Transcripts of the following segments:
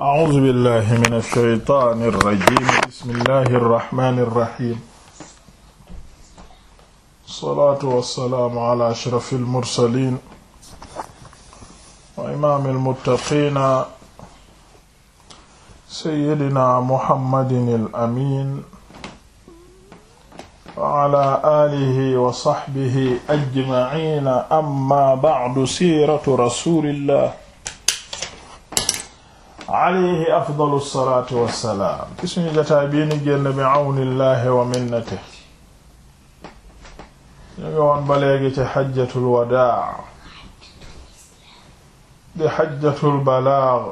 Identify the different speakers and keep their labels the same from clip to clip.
Speaker 1: أعوذ بالله من الشيطان الرجيم بسم الله الرحمن الرحيم الصلاة والسلام على أشرف المرسلين وإمام المتقين سيدنا محمد الأمين وعلى آله وصحبه أجمعين أما بعد سيرة رسول الله alayhi afdalu salaatu wassalaam ci suñu jotaay bii ni génn bi awnillahi wa minnati ñu ngi woon ba léegi ci xajjatul wadaa di xajjatul balaag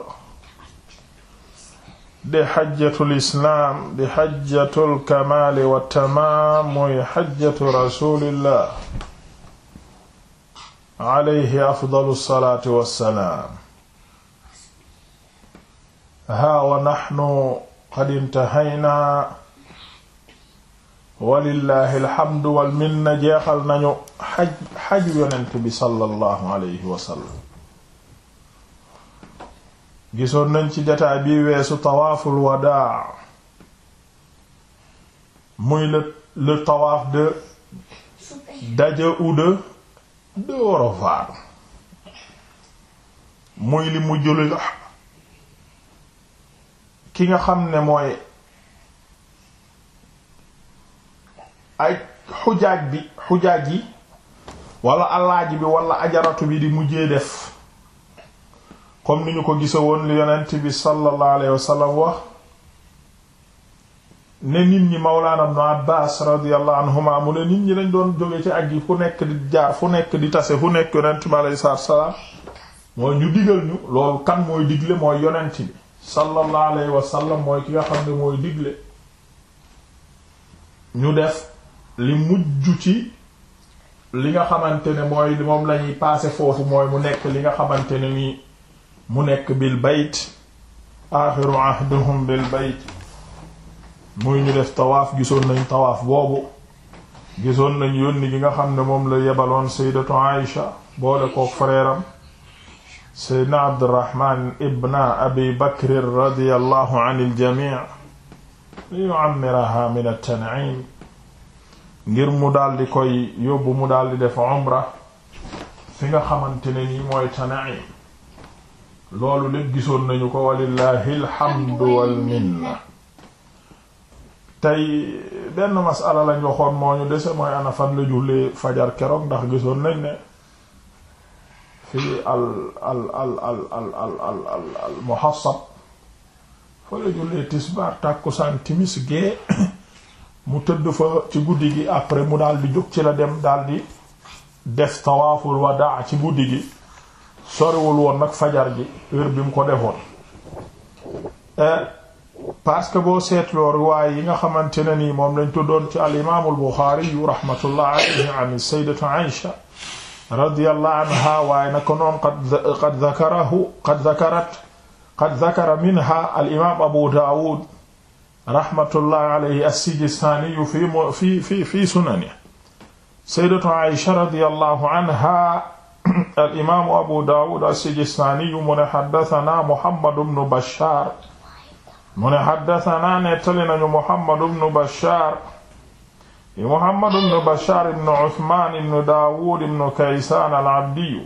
Speaker 1: di xajjatul islaam di xajjatul kamaali wa tamaam muy xajjatu rasuulillah alayhi afdalu salaatu wassalaam haa wa naxnu qad intahaynaa walillahi alhamdu wal jeexal nañu xaj xaju yonent bi sallallahu alayhi wa gisoon nañ ci jataay bi weesu tawaaful wadaa muy le le tawaaf de daje ou de de au muy li mujjul ki nga xam ne mooy ay xujaaj bi xujaaj yi walla alaaji bi wala ajaratu bi di mujjee def comme ni ñu ko gisa woon li yonent bi sallallahu alayhi wasallam wax ne nit ñi mawlaana ibnu abbas radiyallahu anhuma mu ne nit ñi dañ doon jóge ci ak yi fu nekk di jaar fu nekk di tase fu nekk yonent bi alayhi salaam mooy ñu digal ñu loolu kan mooy digle mooy yonent bi sallallahu alayhi wa sallam mooy ki nga xam ne mooy digle ñu def li mujj ci li nga xamante ne mooy moom la ñuy paase foofu mooy mu nekk li nga xamante ne ni mu nekk bil bayt axiru ahduhum bil bayt muy ñu def tawaaf gisoon nañ tawaaf boobu gisoon nañ yónni gi nga xam ne moom la yebaloon sayyidatu Aïsha boole kook frère seydna abdirahman ibna abi bakrin radiallahu an iljami li yuammiraha min at-tan'im ngir mu daldi koy yóbbu mu daldi def umra fi nga xamante ne nii mooy Tan'im loolu lépp gisoon nañu ko walillahi alhamdu wal minna tey benn masala lañ waxoon moo ñu dese mooy ana fan la jullee fajar keroog ndax gisoon nañ fii al al al al al muhassab fa la jullee tisbaar tàkkusaan timis gee mu tëdd fa ci guddi gi après mu daal di jóg ci la dem daal di def tawaaful wadaa ci guddi gi sorewul woon nag fajar ji heure bi mu ko defoon eh, parce que boo seetloo riwaay yi nga xamante ne nii moom lañ tuddoon ci al imaamul Buxaari yu rahmatullah alayhi an radiyallahu anha waaye naka noonu qad qad zakarahu qad zakarat qad zakara minha al imaam abu daawud rahmatullahi alayhi as-sijistaani fi fi fi fi sunanihi sayyidatu aisha radiyallahu anha al imaamu abu daawud as-sijistaani mu ne haddasanaa muhammad ibn bashaar mu ne haddasanaa nettali nañu muhammad ibn bashaar di Muhammad ibn Bashar ibn Usmaan ibn Daawuud ibn Kaysaan al-Abdiyu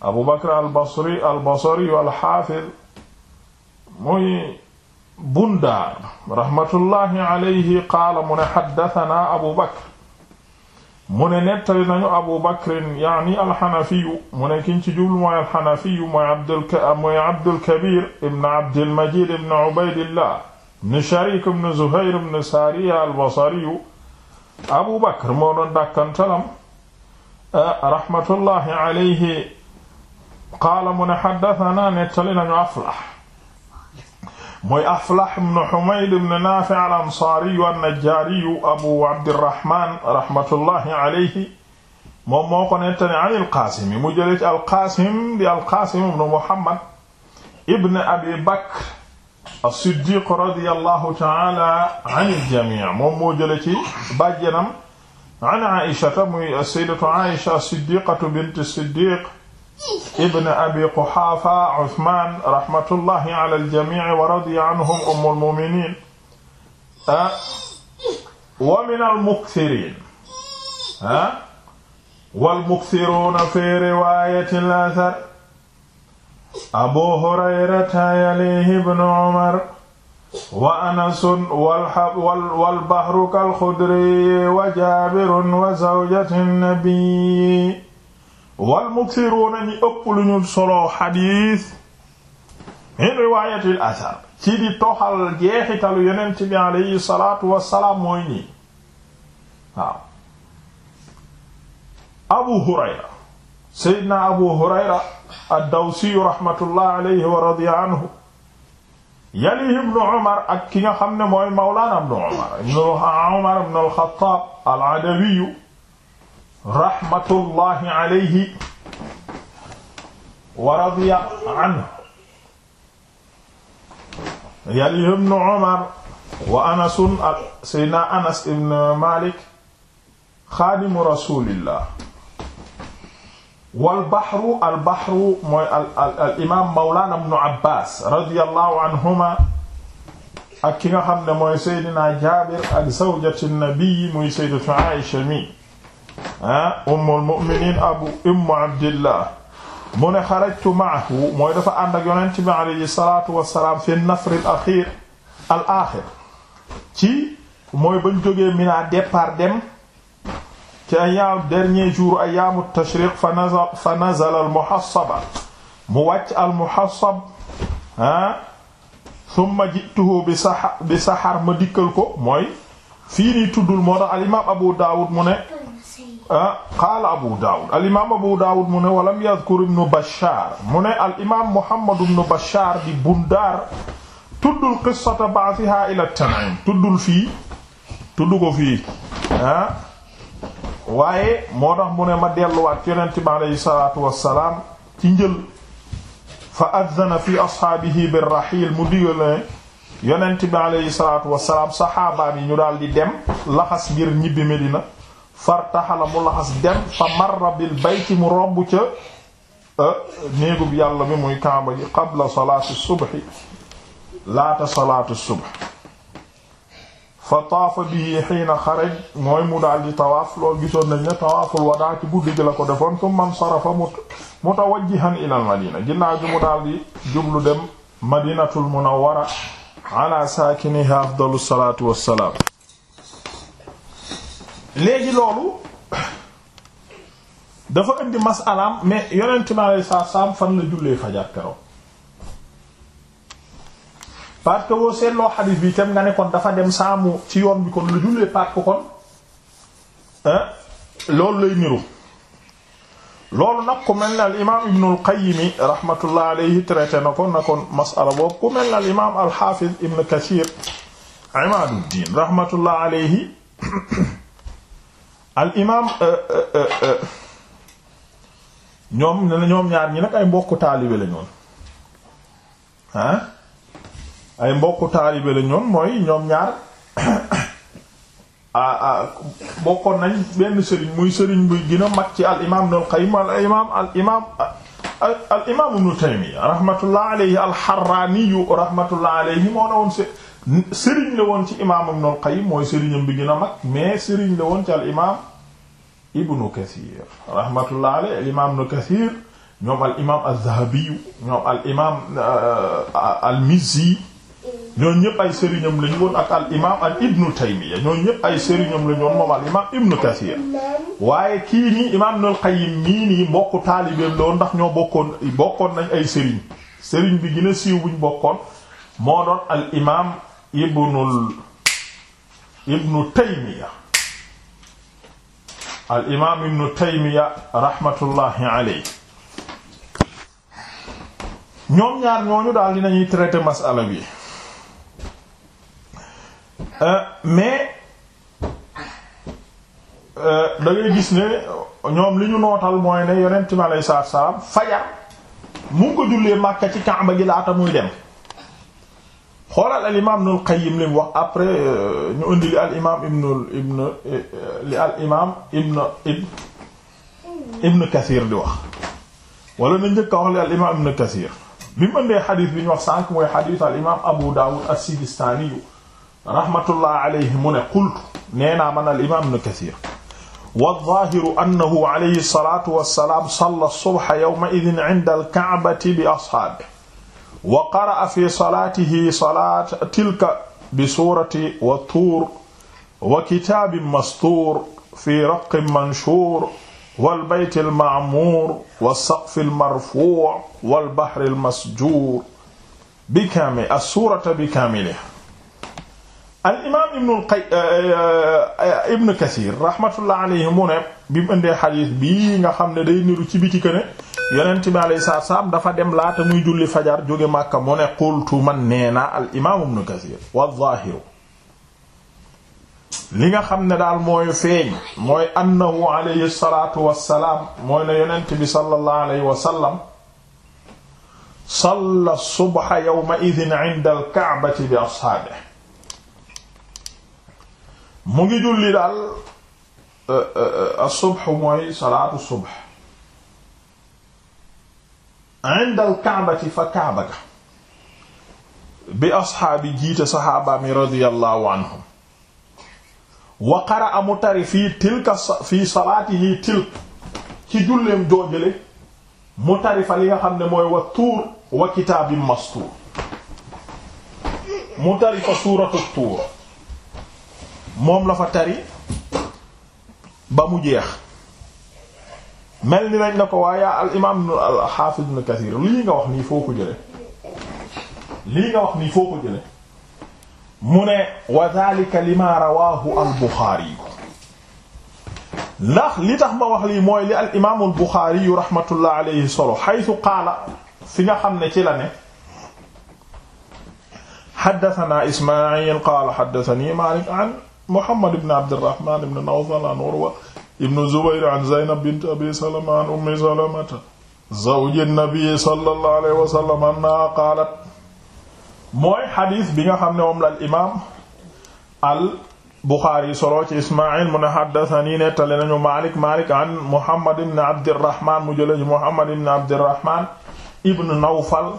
Speaker 1: Abu Bakr al-Basri al-Basriyu al-Haafiz muy Bundaar rahmatullahi alayhi qaala mu ne haddathanaa Abu Bakr mu ne nettali nañu Abu Bakr yaani al-Hanafiyu mu ne kiñ ci jublu mooy al-Hanafiyu mooy Abdul mooy Abdul Kabiir ibn Abdil Majiid ibn Ubaydillah ibn Shariik ibn Zuhayr ibn Saariya al-Basriyu abu bakar moo doon dàkkantalam ah, rahmatullahi alayhi qaala mu ne xaddatana nettali nañu aflax mooy aflax bnu xumaid bnu naafi al ansaariyu annajjaariyu abu abdirahman rahmatullahi alayhi moom moo ko nettali an ilqaasim yi mu jëlee ci alqaasim di alqaasim bnu muhammad ibn abi bakr as-Siddiq radiyallahu ta'ala an al-jami' moom moo jële ci bàjjanam an Aïshata muy as-sayyidatu Aïsha as-Siddiqatu bint as-Siddiq ibn abi Quhafa Uthman rahmatullahi ala al-jami' wa radiya anhum umm al-mu'minin wa min al-mukthirin wal-mukthiruna fi riwayati al-athar abu hurayrata yalihi ibnu umar wa anasun walbahru kalxudri wa jaabirun wa zawjati nabi walmuksiruuna ñi ëpp lu ñu soloo xadiis min riwaayatil asar ci di toxal jeexitalu yonent bi aleyhi salaatu wassalaam mooy ñii waaw abu hurayra seydina abu hurayra ad-Dawsiyu rahmatullah alayhi wa radiya anhu yalihi ibnu Umar ak ki nga xam ne mooy mawlaana ibnu Umar ibnu Umar ibnu al-Xattaab al-Adawiyu rahmatullahi alayhi wa radiya anhu yalihi ibnu Umar wa anasun ak Seydina Anas ibn Maalik xaadimu rasuulillah wal baxru al baxru mooy al al al imaam Mawlana ibnu Abbaas radiyallahu anhuma ak ki nga xam ne mooy Seydina Jaabir ak zawjatu nabi muy Sayyidatu Aïsha mi ah ummul mu'miniin abu ummu abdillah mu ne xarajtu ma'ahu mooy dafa ànd ak yonent bi alayhi salaatu wa salaam fi nafr al axiir al aaxir ci mooy bañ jógee Mina départ dem. ci ayaam dernier jour ayaamu tashriq fa nazal fa mu wàcc al muhassab ah jituhu bi saxar bi saxar ma ko mooy fii nii tuddul moo tax abu daawud mu ne ah, qaala abu daawud alimaam abu daawud mu ne walam yadkur ibnu bashaar mu ne alimaam muhammad ibnu bashaar di bundaar tuddul qissata ba'thiha ila tan'im tuddul fii tudd ko ah. waaye moo tax mu ne ma delluwaat ci yonent bi aleyhi salaatu wassalaam ci njël fa addana fi ashaabihi birrahil mu digal yonent bi aleyhi salaatu wassalaam saxaabaam yi ñu daal di dem laxas ngir ñibbi Medina fartaxala mu laxas dem fa marra bil bayti mu romb ca euh, néegub yàlla bi muy Kaaba ji qabla salaatu subhi laata salaatu subhi fa taafa bii xiina xaraj mooy mu daal di tawaaf lool gisoon nañ ne tawaaful wadaa ci guddi gi la ko defoon tumma nsarafa mutawajjihan ila al madina ginnaaw gi mu daal di jublu dem madinatul munawwara ala saakiniha afdalu salaatu wassalaam léegi loolu dafa indi masalaam mais yonent mi alayhi salaam fan la jullee fajar keroog parce que boo seetloo xadis bi itam nga dafa dem saamu ci yoon bi kon lu jullee parce kon loolu lay niru loolu nag ku mel ne al imaam Ibnul rahmatullah alayhi traité na ko na kon masala boobu ku mel ne al imaam al Hafiz Ibn Kathir rahmatullah alayhi al imaam euh, euh, euh, ñoom ñoom ñaar ñi nag ay mbokku taalibe ay mbokk taalibe la ñoon mooy ñoom ñaar a ah, ah, nañ benn sëriñ muy sëriñ bu gën a mag ci al imaam Ibnul Qayyim al imaam al imaam al imaam Ibnu Taymiyya al Harraani rahmatullah alayhi la woon ci imaam Ibnul mooy sëriñam bi mais sëriñ la rahmatullah alayhi al imaam Ibnu Kasiir ñoom al imaam az-Zahabi ñoom al imaam euh, al-Mizzi ñooñu ñëpp ay sëriñam lañu woon ak al imaam ibnu Taymiyya ñooñu ñëpp ay sëriñam lañu woon moom al ibnu Kasiir waaye kii nii imaam Ibnul Qayyim nii nii mbokku taalibeem la woon ndax ñoo bokkoon bokkoon nañ ay sëriñ sëriñ bi gën siiw buñ bokkoon moo doon al imaam ibnul ibnu Taymiyya al imaam ñoom ñaar ñooñu daal dinañuy traiter masala bi. Euh, mais euh, da ngay gis ne ñoom li ñu nootal mooy ne yonent mi aleyhi salaatu salaam fajar mu ngi ko jullee Makka ci Kaaba gi laata muy dem xoolal al imaam Ibnul Qayyim li mu wax après euh, ñu indi li al imaam ibnul ibn li al imaam ibn ibn ibn Kathir di wax wala na njëkk a wax li al imaam ibn Kathir bi mu indee xadiis bi ñu wax sànq mooy xadiis al imaam Abu Dawud as-Sijistani rahmatullah alayhi mu ne qultu nee naa man al imam ibn Kathir wadh-dhaahiru annahu alayhi salaatu wa salaam salla as-subha yawma'idhin 'inda al-ka'bati bi ashaabihi wa qara'a fi salaatihi salaata tilka bi suurati wat-tuur wa kitaabin mastuur fi raqqin manshuur wal baytil ma'muur was-saqfil marfuu' wal bahril masjuur bi kaamil as-suurata bi kaamilihi al imaam ibnu qay euh, euh, ibnu Kathir rahmatullah alayhi mu ne bi mu indee xadiis bii nga xam ne day niru ci biti ne yonent bi alayhi salaatu salaam dafa dem laata muy julli fajar jóge Màkka mu ne qultu man nee naa al imaam ibnu Kathir wa zaahiru li nga xam ne daal mooy feeñ mooy annahu alayhi salaatu wassalaam mooy ne yonent bi sallallahu alayhi wa sallam salla subha yawma idhin inda al-ka'bati bi ashaabihi mu ngi julli daal euh, euh, euh, as-subh mooy salaatu subh inda al-ka'bati fa kaaba ga bi asxaabi jiite saxaaba mi radiyallahu anhum wa qara'a mu tari fii tilka fii salaatihi tilk ci julleem joojale mu tari fa li nga xam ne mooy wa tuur wa kitaabin mastuur mu tari fa suuratu tuur moom la fa tari ba mu jeex mel ni lañ na ko waaye al imaam al xaafis ibn Kathir lii nga wax nii foo ko jële lii nga wax nii foo ko jële mu ne wa dhalika lima rawahu al Buxaari ndax li tax ma wax lii mooy li al imaam al Buxaari yu rahmatullah alayhi solo xaytu qaala fi nga xam ne ci la ne xaddatana Ismaayil qaala xaddatani Maalik an Muhammad ibn Abdurrahman ibn Nawfal an Urwa ibn Zubayr an Zaynab bint Abi Salama an Ummi Salamata zawji nabi sallallahu alayhi wa sallam annaha qaalat mooy xadis bi nga xam ne moom la al imaam al Buxaari solo ci Ismaïl mu ne haddathani nettali nañu Malik Malik an Muhammad ibn Abdurrahman mu jëlee ci Muhammad ibn Abdurrahman ibn Nawfal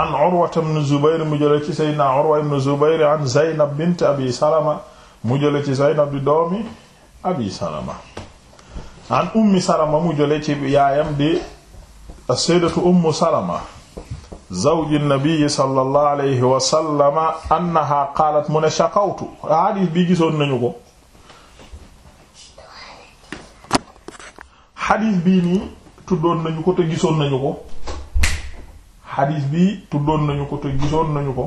Speaker 1: an Urwa ibn Zubayr mu jëlee ci Sayyidina Urwa ibn Zubayr an Zaynab bint Abi Salama mu jële ci Zaynab di doomi Abi Salama an ummi Salama mu jële ci yaayam di as-sayyidatu ummu Salama zawji nabi sallallahu alayhi wa annaha qaalat mu ne shakawtu xadiis bi gisoon nañu ko xadiis bii nii tuddoon nañu ko te gisoon nañu ko xadiis bi tuddoon nañu ko te gisoon nañu ko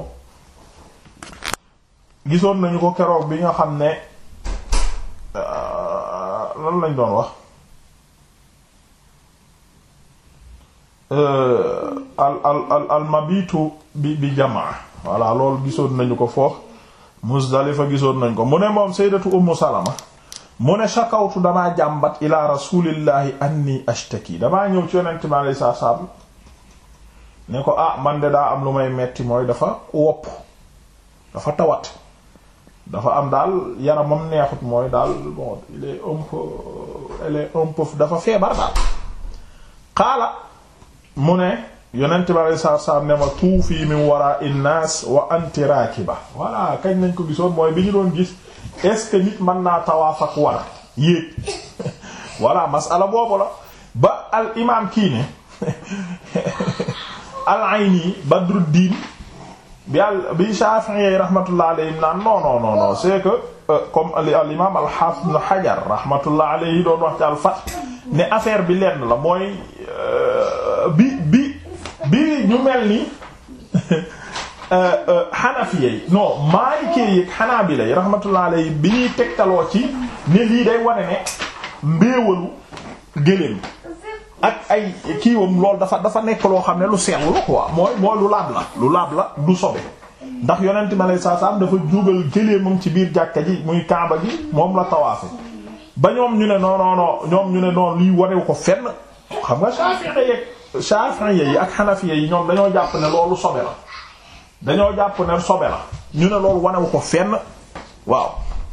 Speaker 1: gisoon nañu ko keroog bi nga xam ne euh, loolu lañ doon wax euh, al al al mabitu bi bi jamaa voilà loolu gisoon nañu ko foofu Muzdalifa gisoon nañ ko mu ne moom sayyidatu Ummu Salama mu ne shakawtu damaa jàmbat ila rasulillahi anni ashtaki damaa ñëw ci yonent mi alayhi ne ko ah man de daa am lu may metti mooy dafa wopp dafa tawat dafa am daal yaramam neexut mooy daal bon dafa feebar daal xaala mu ne yonent bi alei saatu salaam ne ma tuufii min wara'i nnaas wa anti raakiba voilà kañ nañ ko gisoon mooy bi ñu doon gis est nit mën naa tawaaf ak war yéeg voilà masala boobu la ba al imam kii ne al ayni badruddin bi al bi Shafi'i rahmatullah alayhi naan non que euh, al imam al hafiz ibn Hajar rahmatullah alayhi doon wax ci al Fath ne affaire bi lenn la mooy euh, bi bi ñu mel ni euh, Hanafi yi non Maliki yi Hanabila yi rahmatullah alayhi ci ne lii day wane ne mbéewalu gëléem ak ay kiiwam loolu dafa dafa nekk loo xam ne lu seetlu la quoi mooy mooy lu laab la lu laab la du sobe ndax yonent ma lay saa saam dafa jugal gëléemam ci biir jàkka ji muy kaaba gi moom la tawaafe ba ñoom ñu ne non non non ñoom ñu ne noon liy wanewu ko fenn xam nga Shafi'i yeeg Shafi'i yi ak Hanafiya yi ñoom dañoo jàpp ne loolu sobe la dañoo jàpp ne sobe la ñu ne loolu wanewu ko fenn waaw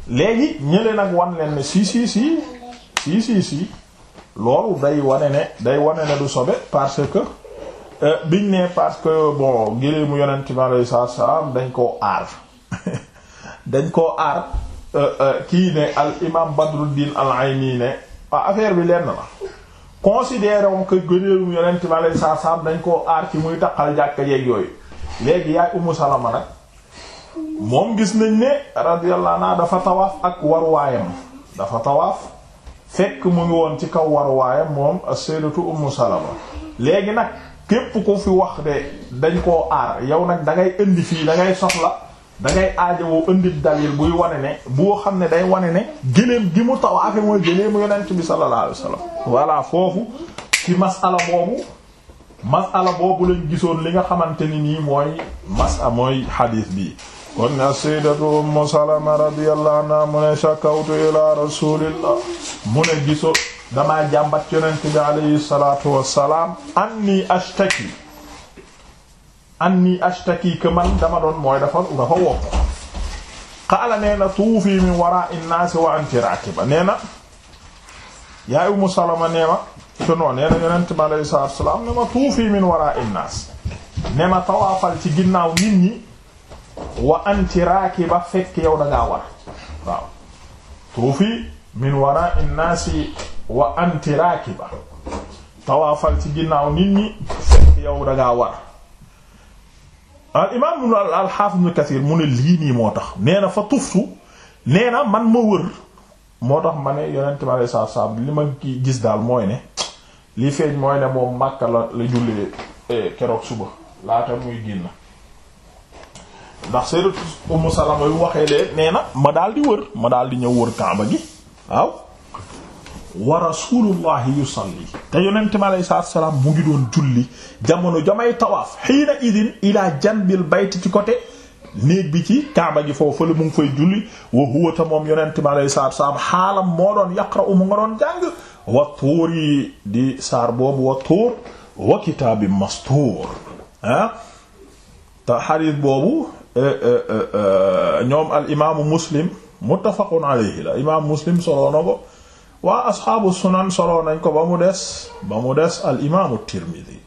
Speaker 1: léegi ñële nag wan leen ne si si si si si si loolu day wane ne day wane ne du sobe parce que euh, biñ ne parce que bon géléemu yonent mi alayhi salaatu salaam dañ koo aar dañ koo aar euh, euh, kii ne al imam Badruddin al Ayni ne ah affaire bi lenn la considérons que géléemu yonent mi alayhi salaatu salaam dañ koo aar ci muy taqal jàkka yeeg yooyu léegi yaay Ummu Salama nag moom gis nañ ne radiyallahu anha dafa tawaaf ak waruwaayam dafa tawaaf. fekk mu ngi woon ci kaw waruwaayam moom as-sayyidatu ummu salama léegi nag képp ko fi wax de dañ koo aar yow nag da ngay indi fii da ngay soxla dangay aaja aajowoo indi dalil buy wane ne boo xam ne day wane ne gëléem gi mu tawaafe mooy gëléemu yonent bi sallallahu alayhi wasallam voilà foofu ci masala boobu masala boobu lañ gisoon li nga xamante ni nii mooy mas a mooy xadiis bii kon ne sayyidatu ummu salama radiyallahu anha mu ne shakawtu ila rasulillah mu ne giso damaa jàmbat yonent bi alayhi salatu wassalam anni ashtaki anni ashtaki que dama doon mooy dafa dafa wopp qaala nee na tuufi min wara'i an-nas wa anti rakiba nee na yaay salama nee ma te noon nee bi alayhi salatu wassalam tuufi min wara'i an-nas tawaafal ci ginnaaw nit wa anti raakiba fekk yow da ngaa war waaw tuufi min wara'i naasi wa anti raakiba tawaafal ci ginnaaw nit ñi fekk yow da war al imaam al xaafis ibn Kasiir mu ne lii nii moo tax nee na fa tuftu nee man ma wër moo tax ma ne yonent ma lay saa saa li ma gis daal mooy ne li feeñ mooy ne moom Makka la la jullee eh, keroog suba laata muy génn. ndax Sayyidatu Ummu Salama yu waxee lee nee ma daal di wër ma daal di ñëw wër Kaaba gi waaw wa rasulullahi yusalli te yonente mi salaam mu ngi doon julli jamono jamay tawaaf xiina idin ila janbil bayt ci côté néeg bi ci Kaaba gi foofu la mu ngi fay julli wa huwa ta moom yonente mi aleyi salaam xaalam moo doon yaqra'u mu nga doon jàng wa tuur di saar boobu wa tuur wa kitaabi mastuur ah te xadiis boobu Eh, eh, eh, ñoom al imaamu muslim muttafaqun alayhi la imaamu muslim soloo ko waa asxaabu sunan soloo nañ ko ba mu des ba mu des al imaamu tirmidi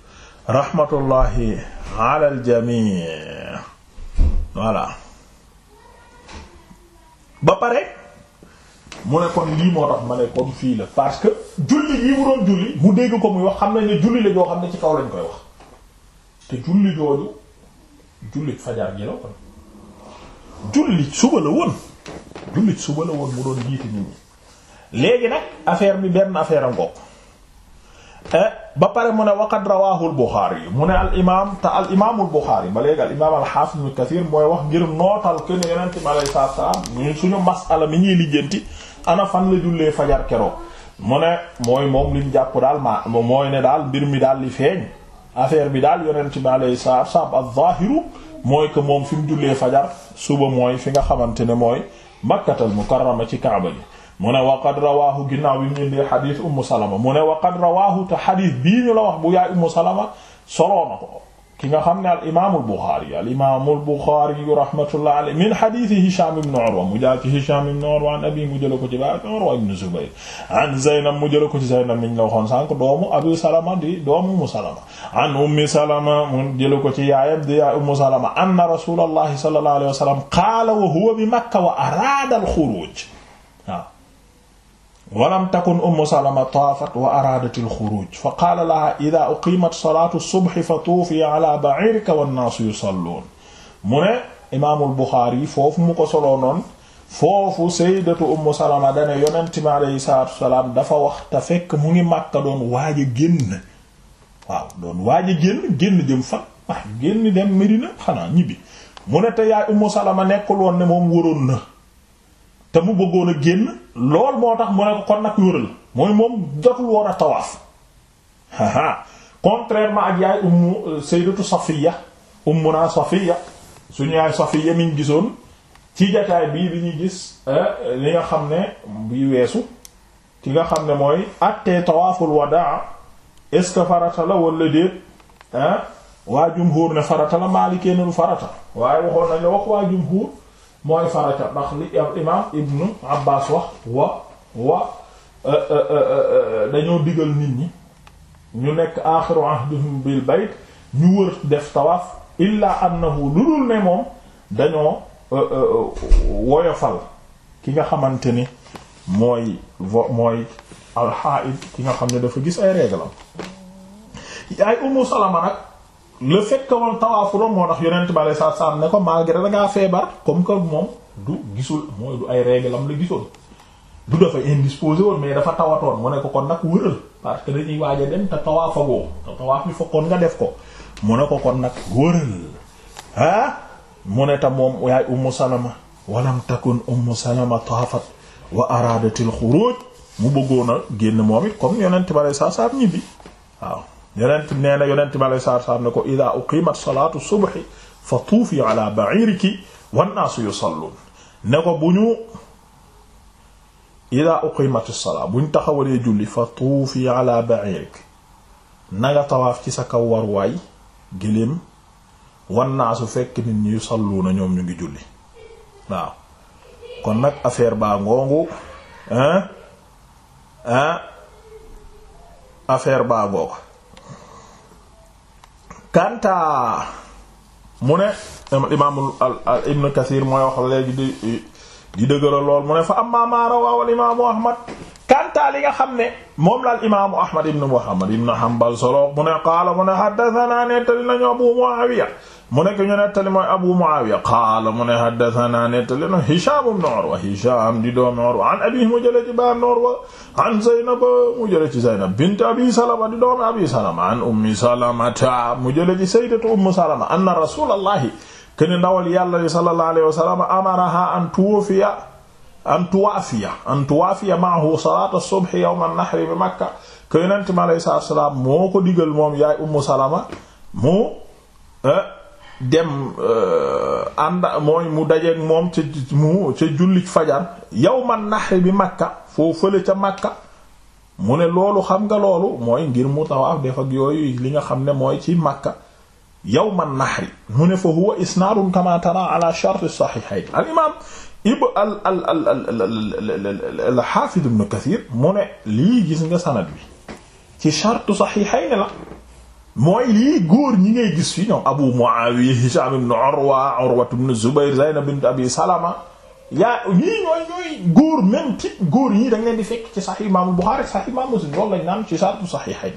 Speaker 1: rahmatullahi ala jamii voilà ba pare mu ne kon lii moo tax ma ne kon fii la parce que julli yi mu doon julli mu dégg ko muy wax xam nañ ne julli la joo xam ne ci kaw lañ koy wax te julli jooju jullit fajar gi la jullit suba la woon mu doon jiite nit ñi léegi nag affaire bi benn affaire a ngoog eh, ba pare mu ne waqad rawaahu al-Buxaari mu ne al imaam te al imaamul Buxaari ba léegi al imaam al-Haafiz Ibn Kasiir mooy wax ngir nootal que ne Yonent bi suñu masala mi ñuy lijjanti ana fan la jullee fajar keroog mu ne mooy moom liñ jàpp daal ma mooy ne daal mbir mi daal li feeñ. affaire bi daal yonent bi alayhi salaatu wasalaam az-zaahiru mooy que moom fi mu jullee fajar suba mooy fi nga xamante ne mooy makkatal mukarrama ci kaaba gi mu ne wa qad rawaahu ginnaaw bi ñu indee xadiis ummu salama mu ne wa qad rawaahu te xadiis bii ñu la wax bu yaay ummu salama soloo ki nga xam ne al imaamul Buxaari al imaamul Buxaari rahmatullahi alayhi min hadiisi Hicham ibn Urwa mu jël ci Hicham ibn Urwa an abi mu jël ko ci ba Urwa ibn Zubayr an Zaynab mu jël ko ci Zaynab mi ñu la waxoon sànq doomu Abu Salama di doomu Ummu Salama an Ummi Salama mu jël ko ci yaayam di yaay Ummu Salama anna Rasuulullahi sallallahu alayhi wa sallam qaala wa huwa bi Makka wa araada al-xuruuj walam takun ummu salama taafat wa araadat alxuruj fa qaala laha ida uqimat salaatu subhi fa tuufi ala ba'irika wannaasu yusalluun mu ne imaamul buxaari foofu ko soloo noon foofu saydatu ummu salama dane yonent mi aleyhi dafa wax te fekk mu ngi màkka doon waaj a génn waaw doon waaj a génn dem Medina xanaa ñibbi mu ne te yaay ummu salama nekkul woon ne moom na te mu bëggoon a génn lool moo tax mu ne ko kon nag wëral mooy moom jotul woon a tawaaf contrairement ak yaay ummu euh, sayyidatu Safiya ummuna Safiya suñu yaay Safiya miñ gisoon ci jataay bii bi ñu gis euh, li nga xam ne bi weesu ki nga xam ne mooy attee tawaaful wadaa est farata la wala déet waa jumhuur ne farata la maalikee ne du farata waaye waxoon nañ wax waa jumhuur mooy farata ndax li al imam ibnu abbas wax wa wa euh, euh, euh, dañoo digal nit ñi ñu nekk axiru ahdihum bil bayt ñu wër def tawaaf illa annahu lu dul ne moom dañoo woyofal ki nga xamante ni mooy vo mooy alxaid ki nga xam ne dafa gis ay règle ay umu salama nag le fekk que moom tawaafu doon moo tax yonent bi alei satu salaam ne ko malgré da ngaa feebar comme que moom du gisul mooy du ay réglam la gisoon du dafa indisposé woon mais dafa tawatoon mu ne ko kon nag wëral parce que dañuy waaj a dem te tawaafagoo te tawaaf bi nga def ko mu ne ko kon nag wëral ah mu ne ta moom yaay ummu salama mu takun ummu salama taafat wa aradatil xuruj mu bëggoon génn moom it comme yonent bi alei saa salaam ñibbi waaw yonent nee na yonent bi salaam ne ko ida uqimat salaatu subhi fa tuufi ala ba'iriki wannaasu yusalluun ne ko bu ñu ida uqimat salaa bu ñu taxawalee tawaaf ci sa kaw war waay géléem wannaasu fekk nit ñi yusalluuna ñoom ñu ngi julli waaw kon nag affaire baa ngoongu affaire baa ngoongu kanta mu ne imaamul ibn kathir mooy wax léegi di di dëgëral lool mu ne fa amma ma rawahu al imaamu ahmad kantaa li nga xam ne moom laal imaamu ahmad ibn muhammad ibn hanbal solo mu ne qaala mu ne haddathana nettali nañu abu muawiya mu nekk ñu nettali mooy abu muawiya qaala mu ne nettali na hisham ibn urwa hisham di doomi urwa an abi mu jële ci baa urwa an zaynab mu jële ci zaynab bint abi salama mu jële ci sayyidatu ummu salama anna rasulallahi ken an tuwaafiya an tuwaafiya maahu salaata subhi yawma nahri bi makka ko yonent mi alayhi salaam moo ko digal moom yaay ummu salama mu eh, dem eh, ànd mooy mu dajeeg moom ca mu ca jullit fajar yawma nahri bi makka foo fële ca makka mu loolu xam nga loolu mooy ngir mu tawaaf def ak yooyu li nga xam ne mooy ci makka yawma nahri mu ne fa huwa isnaadun kama tara ala sharti sahihayn al imam Ibn al al al al al Haafid Ibn Kathir mu ne lii gis nga sanad bi ci shartu Sahihayn la mooy lii góor ñi ngay gis fi ñoom Abu Muawiya Hisham ibn Urwa Urwa ibn Zubayr Zaynab bint Abi Salama yaa ñii ñooy ñooy góor même type góor ñi da nga leen di fekk ci Sahih Imam Bukhari Sahih Imam Muslim loolu lañ naan ci shartu Sahihayn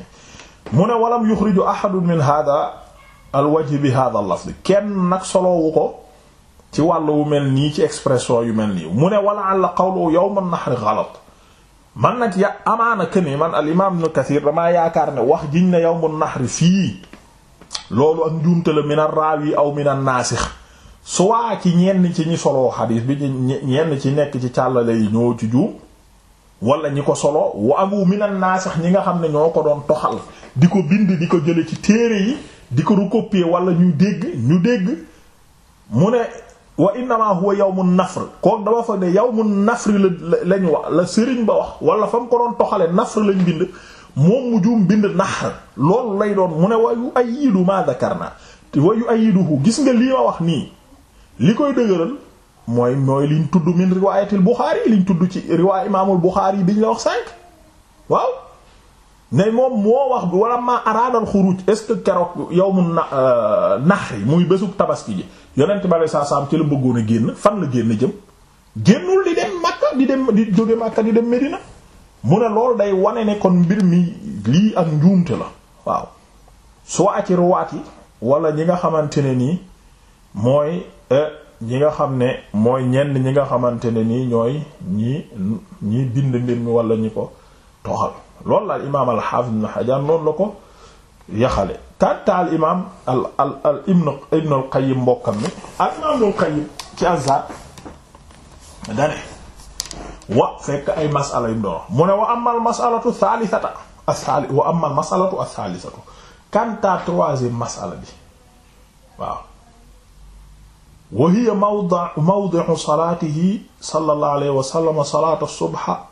Speaker 1: mu ne walam yuxriju ahadun min hada al wajh bi hada al lafz kenn nag soloowu ko ci wàll wu mel nii ci expression yu mel nii mu ne wala àll qawlu yawm an-nahr ghalat man nag ya amaana këni man al imaam ibn Kathir damaa yaakaar ne wax jiñ ne yawm an-nahr fii loolu ak njuumte la min ar-rawi aw min an-nasikh soit ci ñenn ci ñi soloo xadiis bi ñenn ci nekk ci càllale yi ñoo ci juum wala ñi ko solo wa abu min an ñi nga xam ne ñoo ko doon toxal di ko bind di ko jële ci téere yi di ko recopier wala ñu dégg ñu dégg mu ne wa innamaa huwa yawmun nafr kooku dafa fa ne yawmun nafr la lañ wax la sëriñ ba wax wala fa mu ko doon toxale nafr lañ bind moom mu juum bind naxar loolu lay doon mu ne wa yu ayidu ma dakarna wa yu ayiduhu gis nga lii ma wax nii li koy dëgëral mooy mooy liñ tudd min riwaayatil Buxaari liñ tudd ci riwaay imaamul Buxaari biñ la wax cinq waaw ne moom moo wax bi wala maa araadal xuruj est ce que nax yawmun naxri euh, muy bésub tabaski ji yonent bale saa saam ci la bëggoon a génn fan la génn jëm génnul li dem Makka di dem di jóge Makka di dem Medina mu ne lool day wane ne kon mbir mi lii ak njuumte la waaw soo ci ruwaat yi wala ñi nga xamante ne nii mooy eh, ñi nga xam ne mooy ñenn ñi nga xamante ne nii ñooy ñi ñi bind mbir mi walla ñi ko toxal loolu la imaam al-Hafiz Ibn Hajar noonu la ko yaxale kantaal imaam al al al ibn ibn al qayyim mbokkam mi al imaam al qayyim ci azad dane wa fekk ay masala yim doon wax mu ne wa amma al masalatu thalithata athali wa amma al masalatu athalisatu kanta troisième masala bi waaw wa hiya mawdi' mawdi'u salatihi sallallahu alayhi wa sallam salatu subha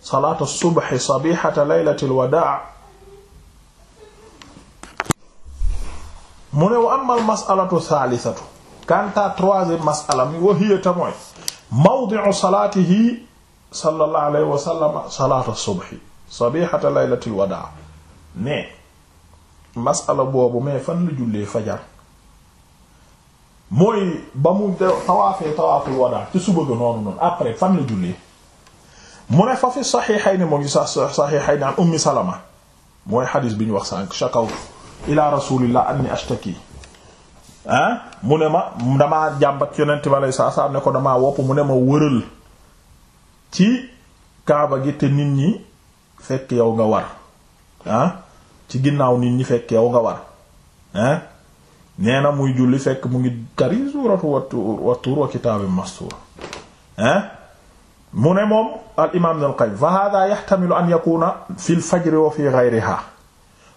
Speaker 1: salatu subhi sabihata laylatil wada' mu ne wa amal masalatu thalithatu kanta troisième masala mi wa hiya ta mooy mawdi'u salaatihi sallallahu alayhi wa sallam salaatu subhi sabihata laylatil wadaa mais masala boobu mais fan la jullee fajar mooy ba mu tawaafee tawaaful wadaa ci suba ga noonu noonu après fan la jullee mu ne fa fi saxiixayni mu ngi sax saxiixayni an salama mooy xadiis bi ñu wax sànq shakawtu ila rasulillah anni ashtaki ah mu ne ma damaa jàmbat yonent bi aleyhi salaatu salaam ne ko damaa wopp mu ne ma wëral ci kaaba gi te nit ñi fekk yow nga war ah ci ginnaaw nit ñi fekk yow nga war ah nee na muy julli fekk mu ngi tari suuratu wat wa kitaabin mastuur ah mu ne moom al imaam Ibnul Qayyim fa haadaa yahtamilu an yakuuna fil fajri wa fi ghayrihaa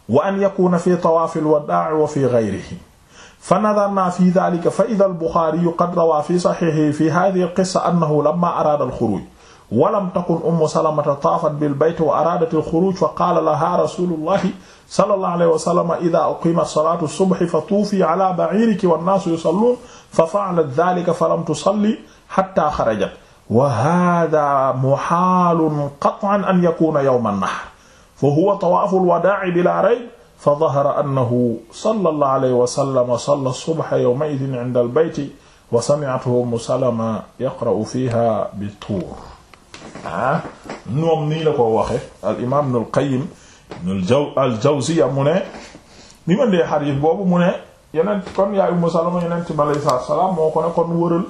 Speaker 1: wa an yakuna fi tawaafi alwadaa'i wa fi ghayrihi fa nadarna fi dhalika fa idha al-Bukhari qad rawa fi sahihi fi hadhihi al-qissa annahu lamma arada al-khuruj wa lam takun ummu salamata taafat bil-bayt wa aradat al-khuruj fa qala laha rasulullahi sallallahu alayhi wa sallam idha uqimat salatu as-subhi fatufi ala ba'iriki wan-nasu yusallun fa fa'alat dhalika falam tusalli hatta kharajat wa hadha muhalun qat'an an yakuna yawm an-nahr fa huwa tawaaful wadaa'i bilaa rayb fa dahara annahu sallallahu alayhi wa sallam salla subha yawma'idhin 'inda al-bayti wa sami'athu Ummu Salama yaqra'u fiiha bi Tuur ah ñoom nii la ko waxe al-imaam Ibnul Qayyim al-Jawziyya mu ne bi ma dee xadiis boobu mu ne yeneen kon yaay Ummu Salama yeneen ci alayhi salaatu wa salaam moo ko ne kon wëral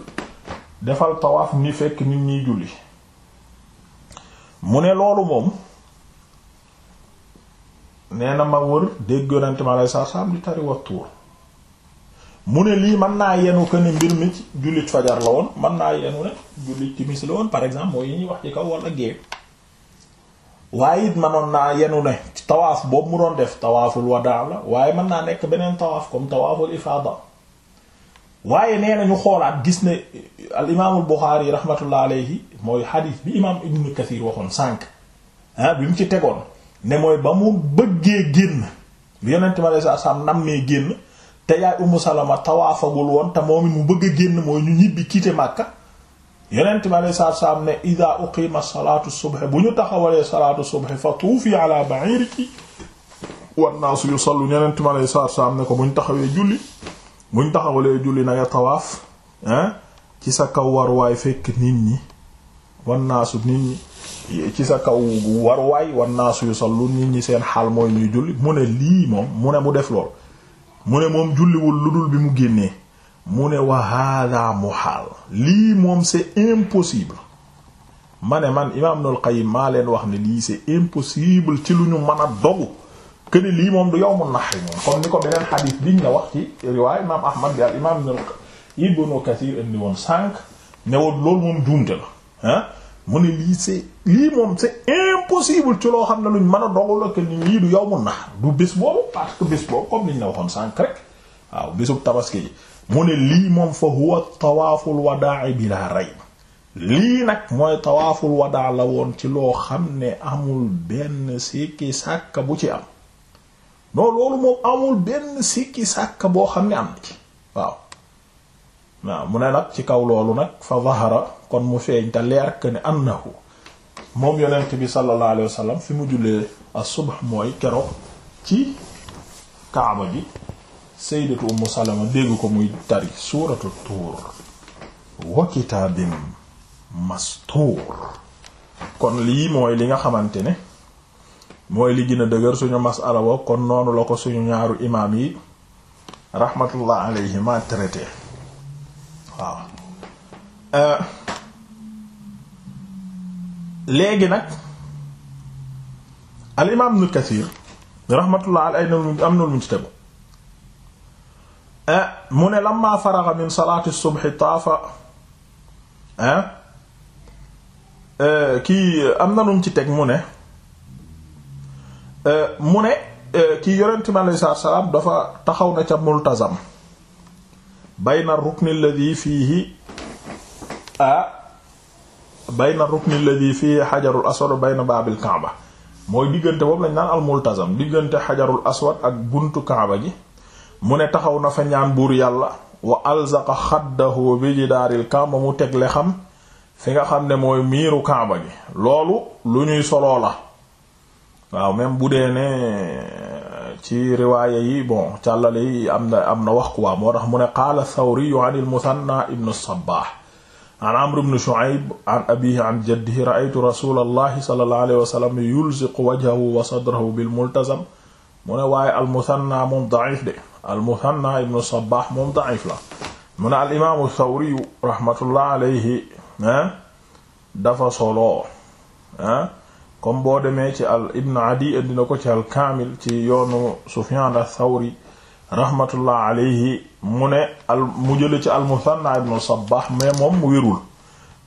Speaker 1: defal tawaaf ni fekk nit ñiy julli mu ne loolu moom nee na ma wër dégg yonent ma lay saa saam di tari mu ne lii mën naa yenu que ne mbir mi ci jullit fajar la woon mën naa yenu ne jullit timis la woon par exemple mooy yi ñuy wax ci kaw wala géew waaye it manoon naa yenu ne tawaaf boobu mu doon def tawaaful wadaa la waaye mën naa nekk beneen tawaaf comme tawaaful ifaada waaye nee na ñu xoolaat gis ne al imaamul Buxaari rahmatullah alayhi mooy xadiis bi imaam Ibnu Kathir waxoon sànq ah bi mu ci tegoon. ne mooy ba mu bëggee génn bi yonent ma lay sa sam nammee génn te yaay Ummu Salama tawaafagul woon te moom it mu bëgg génn mooy ñu ñibbi quitter Makka yonent ma lay sa sam ne ida uqima salaatu subh bu ñu taxawalee salaatu subh fa tuufi ala ba'iriki wan naasu yusallu yonent ma lay sa sam ne ko bu ñu taxawee julli bu ñu taxawalee julli na nga tawaaf ah ci sa kaw war waay fekk nit ñi wan nit ñi ci sa kaw war waay wan naa suy sallu nit ñi seen xaal mooy ñuy julli mu ne lii moom mu ne mu def lool mu ne moom julliwul lu dul bi mu génnee mu ne wa hada muhaal lii moom c'est impossible ma ne man imaam Ibnul Qayyim maa leen wax ne lii c'est impossible ci lu ñu mën a dogu que lii moom du yawmu nahri moom comme ni ko beneen xadiis biñ la wax ci riwaay imaam Ahmad bi al imaam Ibnu Kasiir indi woon sànq ne woon loolu moom juumte la ah, lii moom c'est impossible ci loo xam ne luñ mën a dogal ak lii du yow mu nax du bés boobu parce que bés boobu comme liñ la waxoon sànq rek waaw bésub tabaski ji mu ne lii moom fa huwa tawaaful wadaa bila rayb lii nag mooy tawaaful wadaa la woon ci loo xam ne amul benn sikki sàkka bu ci am non loolu moom amul benn sikki sàkka boo xam ne am na ci waaw mu ne nag ci kaw loolu nag fa zahara kon mu feeñ te leer que ne annahu moom yonent bi sallallahu alayhi wa fi mu jullee as mooy keroog ci kaaba bi sayyidatu ummu salama dégg ko muy tari suuratu tuur wa mastuur kon lii mooy li nga xamante ne mooy li gën a dëgër suñu masala wa kon noonu la ko suñu ñaaru imaam yi rahmatullah alayhima traité waaw euh, léegi nag al imaam ibn kathir rahmatullah al ay am nul mujtaba eh, mu ne lamma faraga min salaati subhi taafa eh, eh, kii am na num ci teg mu ne mu ne kii yonent mi alayhi salaatu salaam dafa taxaw na ca multazam bayna rukni alladhi fiihi a bayna rukni alladhi fii xajarul aswad bayna baabil kaaba mooy diggante boobu lañ naan almultazam diggante xajarul aswad ak buntu kaaba gi mu ne taxaw na fa ñaan buur yàlla wa alzaqa xaddahu bi jidaaril kaaba mu tegle xam fi nga xam ne mooy miiru kaaba gi loolu lu ñuy soloo la waaw même bu dee ne ci riwaaya yi bon càllale yi am na am na wax ku moo tax mu ne qaala thawriyu an il muthanna ibnu sabbah an amr ibn shu'ayb an abihi an jaddihi ra'aytu rasulallahi sallallahu alayhi wa sallam yulziqu wajhahu wa sadrahu bil multazam mu ne waaye almuthanna moom da'if de almuthanna ibn sabbah moom da'if la mu ne al imaamu thawri rahmatullah alayhi dafa solo ah comme boo demee ci al ibn adi dina ko ci al kaamil ci yoonu sufyan ath-thawri rahmatullah alayhi mu ne al mu jële ci al Musanna ibn Sabbah mais moom mu wérul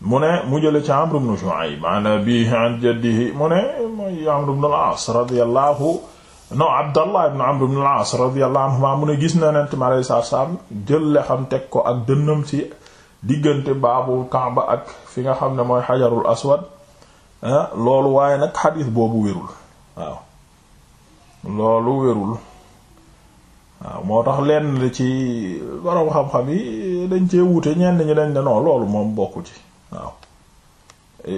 Speaker 1: mu ne mu jële ci Amr ibn Shu'ayb an abiihi an jaddihi mu ne mooy Amr no Abdallah ibn Amr ibn al-As mu ne gis na nent ma lay saa saam xam teg ko ak dënnam ci diggante baabu Kaaba ak fi nga xam ne mooy xajarul aswad ah, loolu waaye nag xadiis boobu wérul waaw loolu wérul waaw moo tax lenn la ci borom xam-xam yi dañ cee wuute ñenn ñi dañ ne loolu moom bokku ci waaw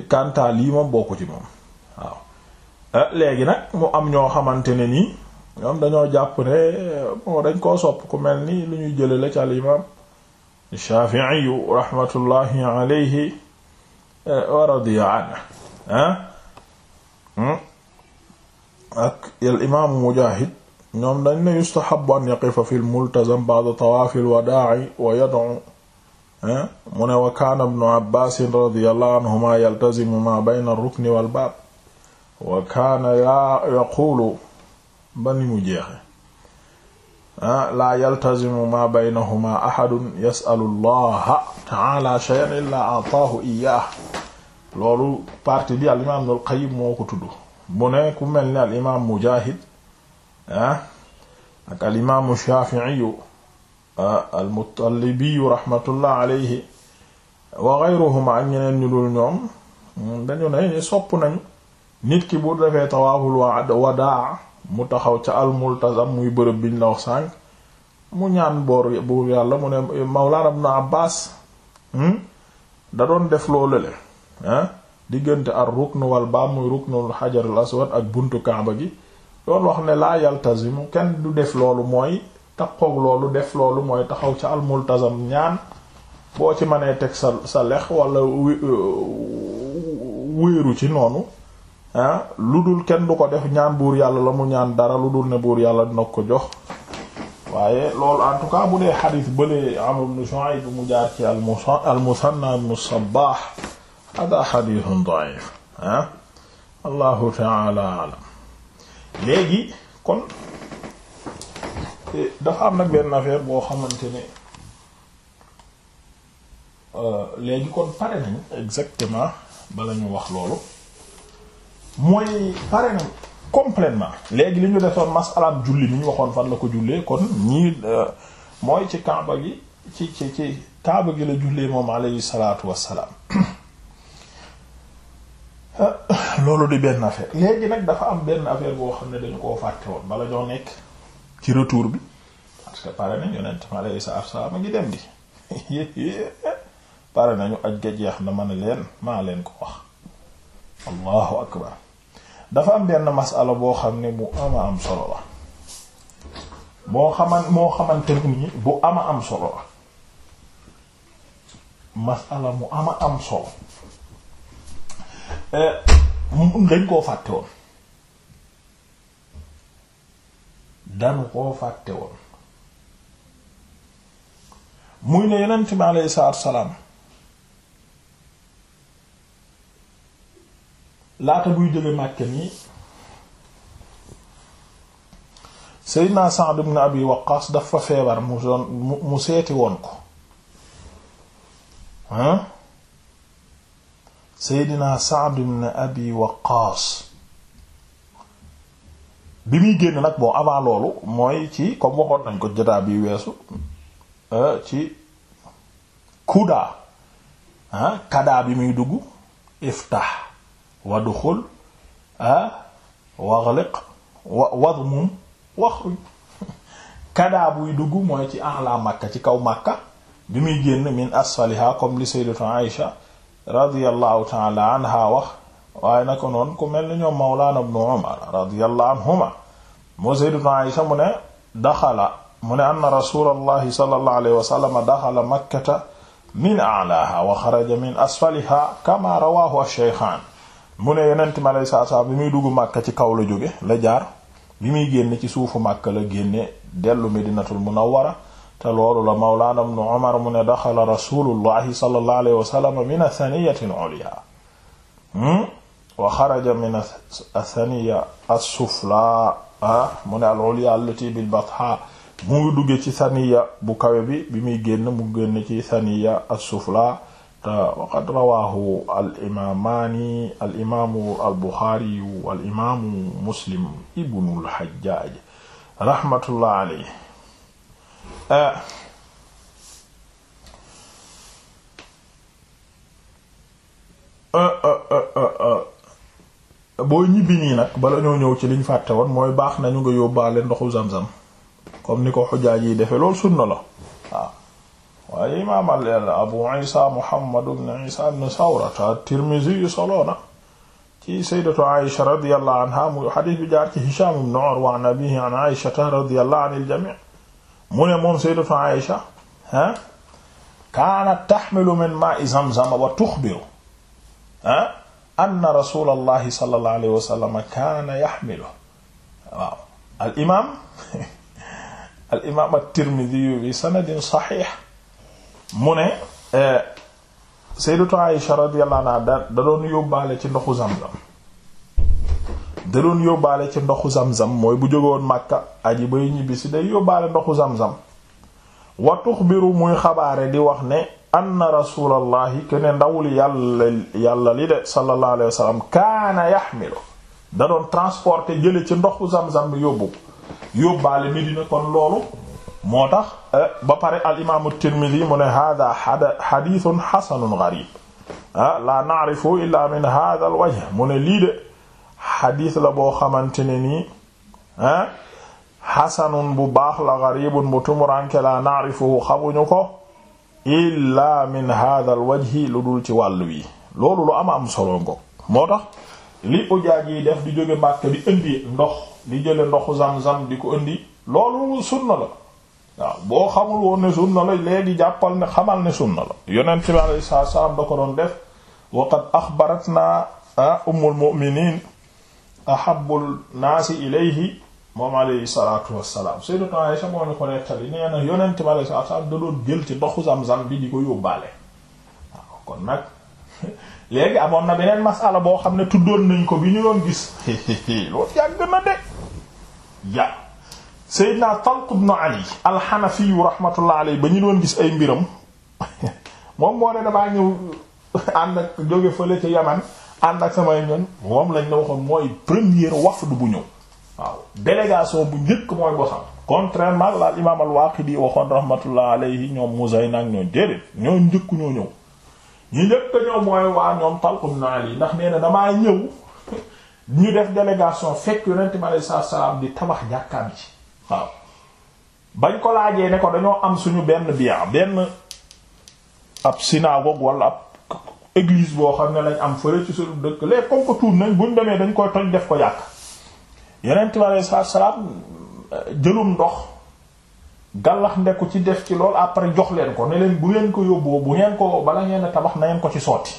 Speaker 1: kanta lii moom bokku ci moom waaw eh, léegi nag mu am ñoo xamante ne nii ñoom dañoo jàpp ne moo dañ koo sopp ku mel ni lu ñuy jële la ci al imam Shafi'i rahmatullahi alayhi eh, wa radiya anhu eh? hmm? ak al imam Mujahid ñoom dañ ne yustahabu an yaqifa fi lmultazam ba'da tawaafi lwadaa'i wa yad'u mu ne wa kaana ibnu abbaasin radiyallahu anhuma yaltazimu ma bayna rukni wal baab wa kaana yaquulu ba ni mu jeexe laa yaltazimu ma baynahuma ahadun yasalu allaha taala shay'an illaa ataahu iyaah loolu partie bi al imaam al qayyim moo ko tudd mu ne ku mel ni al imaam mujaahid ah ak al imaamu Shaafi'iyu ah, al Muttalibiyu rahmatullah alayhi wa ghayruhuma ak ñeneen ñu dul ñoom dañu ne sopp nañu nit ki bu defee tawaaful wadaa mu taxaw ca al muy bërëb biñ la wax sànq mu ñaan boor bu yàlla mu ne Mawlaana Ibn Abbaas hmm, da doon def loolu le ah diggante ar rukn wal ba muy ruknul xajarul aswad ak buntu kaaba gi doon wax ne laa yaltazimu kenn du def loolu mooy taqoog loolu def loolu mooy taxaw ca almultazam ñaan boo ci manee teg sa sa lex wala euh, wéeru ci noonu ah lu dul kenn du ko def ñaan buur yàlla la mu ñaan dara lu dul ne buur yàlla dina ko jox waaye loolu en tout cas bu dee xadis ba Amr ibn Shu'ayb bu mu jaar ci al-Musanna ibn Sabbah hada xadisun da'if ah allahu ta'ala a'lam léegi kon eh, dafa am nag benn affaire boo xamante ne euh, léegi kon pare nañ exactement bala ñu wax loolu mooy pare nañ complètement léegi li ñu defoon masalaam julli ni ñu waxoon fan la ko jullee kon ñii euh, mooy ci kaaba gi ci ci ci kaaba gi la jullee moom alayhi salaatu wassalaam loolu di benn affaire léegi nag dafa am benn affaire boo xam ne dañu koo fàtte woon bala ñoo nekk ci retour bi parce pare nañ yonent ma lay ngi dem di nañu aj ga jeex na ne leen maa leen ko wax allahu akbar dafa am benn masala boo xam ne mu ama am solo la boo xaman moo xamante ni bu ama am solo la masala mu ama am solo eh, dañ koo fàtte woon danu koo fàtte woon muy ne yonent bi aleyhi salaatu salaam laata buy jóge Màkka nii Seydina Sa'd ibn Abi Waqqas dafa feebar mu doon mu seeti woon ko ah seydina Sa'd ibn Abi Waqqaas bi muy génn nag bon avant loolu mooy ci comme waxoon nañ ko jotaa bi weesu euh, ci kuda ah kada bi muy dugg iftah wadxul ah euh, waghliq wa wadmum waxruj kada buy dugg mooy ci a'la Makka ci kaw Makka bi muy génn min asfaliha comme li sayyidatu Aïsha radiyallahu taala anha wax waaye naka noonu ku mel ni ñoom mawlaana ibnu umar radiyallahu anhuma moo sayyidatu Aisha mu ne daxala mu ne anna rasulallahi sallallahu alayhi wa sallam makkata min a'laha wa xaraja min asfaliha kama rawahu ash-shaykhan mu ne yonent salaam bi muy dugg Makka ci kaw la jóge la jaar bi muy génn ci suufu Makka la génne dellu Madinatul Munawwara te loolu la mawlaana ibnu Umar mu ne daxala rasulullahi sallallahu alayhi wa sallam min athaniyati al-ulya hmm? wa xaraja min athaniya as-sufla mu ne al-ulya allati bil-batha mu ngi dugge ci thaniya bu kawe bi bi muy génn mu génn ci thaniya as-sufla te waqad rawaahu al-imaamaani al-imaamu al-Buxaari wal-imaamu Muslim ibnu al-Hajjaaj rahmatullah alayhi Euh, euh, euh, boo ñibbi nii nag bala ñoo ñëw ci liñ fàtte woon mooy baax nañu nga yóbbaale ndoxu zamzam comme ni ko xujaaj yi defe loolu sunna la waaw waaye imaam al abu isa muhammad ibn isa ibn sawrata tirmizi yu solo ci sayyidatu aisha radiyallahu anha mu xadiis bi jaar ci hisham ibn urwa an abihi an aishata radiyallahu anil jami' mu ne moom sayyidatu Aïsha ah kaanat taxmilu min ma'i zamzam wa tuxbiru ah anna rasulallahi sallallahu alayhi wa sallam kaana yaxmilu waaw al imaam al imaam at-Tirmidhi bi sanadin saxiix mu ne eh, sayyidatu Aïsha radiyallahu anha da doon yóbbaale ci ndoxu Zamzam da doon yóbbaale ci ndoxu zam-zam mooy bu jógoon Makka aji bay ñibbisi day yóbbaale ndoxu zam-zam wa tuxbiru muy xabaare di wax ne anna rasulallahi kene ndaw li yàlla yàlla li de sallallahu alayhi wa sallam kaana yaxmilu da doon transporter jële ci ndoxu zam-zam bi yóbbu yóbbaale Medina kon loolu moo tax eh, ba pare al imaamu Tirmidi mu ne hada xadiisun xasanun gariib ah la na'rifu illa min hada al mu ne lii de xadiis la boo xamante ne nii ah bu baax la garibun bu tumuranke la naarifuhu xamuñu ko illa min hada al wajhi lu dul ci wàllu wi loolu lu ama am solo ngo moo tax li ujaaj yi def di jóge Màkka di indi ndox di jële ndoxu zam-zam di ko indi loolu sunna la waaw boo xamul woon ne sunna la léegi jàppal ne xamal ne sunna la yonent bi alayhi salaam da ko doon def wa qad axbaratna ah, ummul mu'minin ahabbul naasi ilayhi moom alayhi salaatu wassalaam sayyidatu Aisha moo ñu ko nettali nee na yonent bi alayhi salaatu wassalaam da doon jël ci ndoxu zamzam bi di ko yóbbaale waaw kon nag léegi amoon na beneen masala boo xam ne tuddoon nañ ko bi ñu doon gis loolu yàgg na de ya Seydina Talq ibn Ali al-Hanafi rahmatullah alayhi ba ñu doon gis ay mbiram moom moo ne damaa ñëw ànd ak jóge fële ca Yaman ànd ak samay ñoon moom lañ la waxoon mooy première wafd bu ñëw waaw délégation bu njëkk mooy bosam contrairement laal imaam al-Waaqidi waxoon rahmatullah alayhi ñoom Muzayna ak ñoom déedéet ñoo njëkk ñoo ñëw ñu njëkk ñëw mooy waa ñoom talkum naa lii ndax nee na ñëw ñu def délégation fekk yonent bi alayhi salaatu salaam di tabax jàkkaam ci waaw bañ ko laajee ne ko dañoo am suñu benn biya benn ab synagogue wala ab église boo xam ne lañ am fële ci suñu dëkk léegi comme ko tuub nañ buñ demee dañ koy toj def ko yàq yeneen bi aleyi sa salaam euh, jëlum ndox gàllax ndeku ci def ci lool après jox leen ko ne leen bu ngeen ko yóbboo bu ngeen ko bala ngeen tabax na ngeen ko ci sotti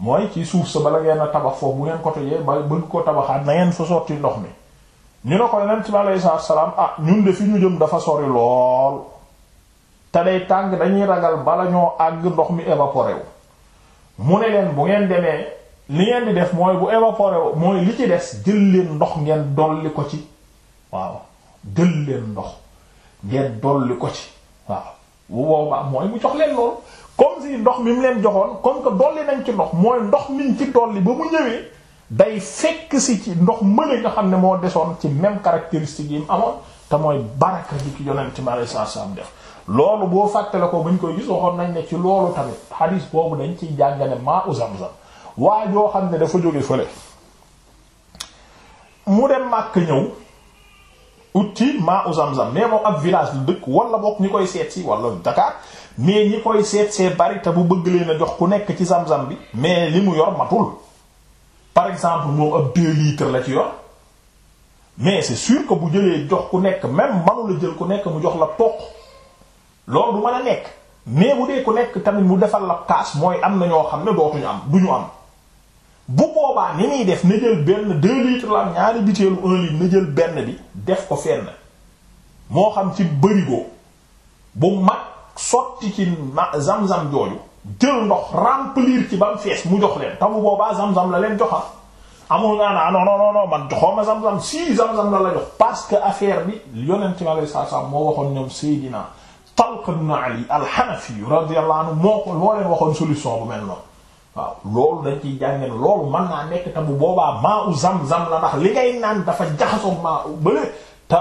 Speaker 1: mooy ci suuf sa bala ngeen a tabax foofu bu ngeen ko tojee ba bëgg ko tabaxaat na ngeen fa sotti ndox mi ñu ne ko yeneen bi aleyi salaatu salaam ah ñun def fi ñu jëm dafa sori lool te day tàng dañuy ragal bala ndox mi évaporé wu mu ne leen bu ngeen demee li ngeen di def mooy bu évaporer mooy li ci des jël leen ndox ngeen dolli ko ci waaw jël leen ndox ngeen dolli ko ci waaw bu boobaa mooy mu jox leen loolu comme si ndox mi mu leen joxoon comme que dolli nañ ci ndox mooy ndox miñ ci dolli ba mu ñëwee day fekk si ci ndox mëne nga xam ne moo desoon ci même caractéristique yi mu amoon te mooy baraka ji ki yonent mi alayhi salaam def loolu boo fàttale ko buñ koy gis waxoon nañ ne ci loolu tamit xadiis boobu dañ ciy jàngale maa u zamzam waa joo xam ne dafa jóge fële mu dem màkk ñëw ci maa u zamzam mais moom ab village lu dëkk wala bokk ñi koy seet si wala Dakar mais ñi koy seet see bari te bu bëgg leen jox ku nekk ci zamzam bi mais li mu yor matul par exemple moom ab deux litres la ci yor mais c'est sûr que bu jëlee jox ku nekk même manu la jël ku nekk mu jox la toq loolu du mën a nekk mais bu dee ku nekk tamit mu defal la kaas mooy am na ñoo xam ne dootuñu am duñu am bu boobaa ni muy def na jël benn deux litres la ñaari butéelu un litre na jël benn bi def ko fenn moo xam ci bërigo bu mag sotti ci zam-zam jooju jël ndox remplir ci ba mu fees mu jox leen te bu boobaa zam-zam la leen joxa amul naa naa ah, non non man joxoo ma zam-zam si zam-zam la la jox parce que affaire bi yonent ci ma saa saa moo waxoon ñoom Seydina Talq ibn Ali al-Hanafi radiyallahu anhu waxoon solution bu mel noonu waaw loolu dañ ciy jàngeen loolu mën naa nekk te bu boobaa maa u zam-zam li ngay naan dafa jaxasoo maa u bële te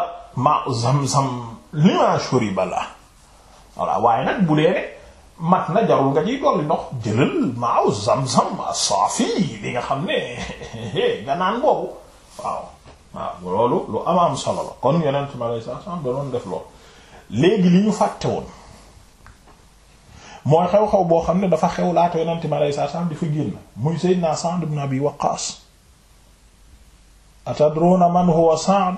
Speaker 1: waaye nag bu dee mat na jarul nga ciy dolli maa u zam-zam as-safi li nga xam ne nga boobu waaw loolu lu amaam solo la kon yeneen ci ma lay sax sànq doon loolu. léegi li ñu fàtte woon mooy xew-xew boo xam ne dafa xew laata yonent mi alayhi di fa génn muy Seydina Sa'd ibn Abi Waqqas atadruna man huwa Sa'd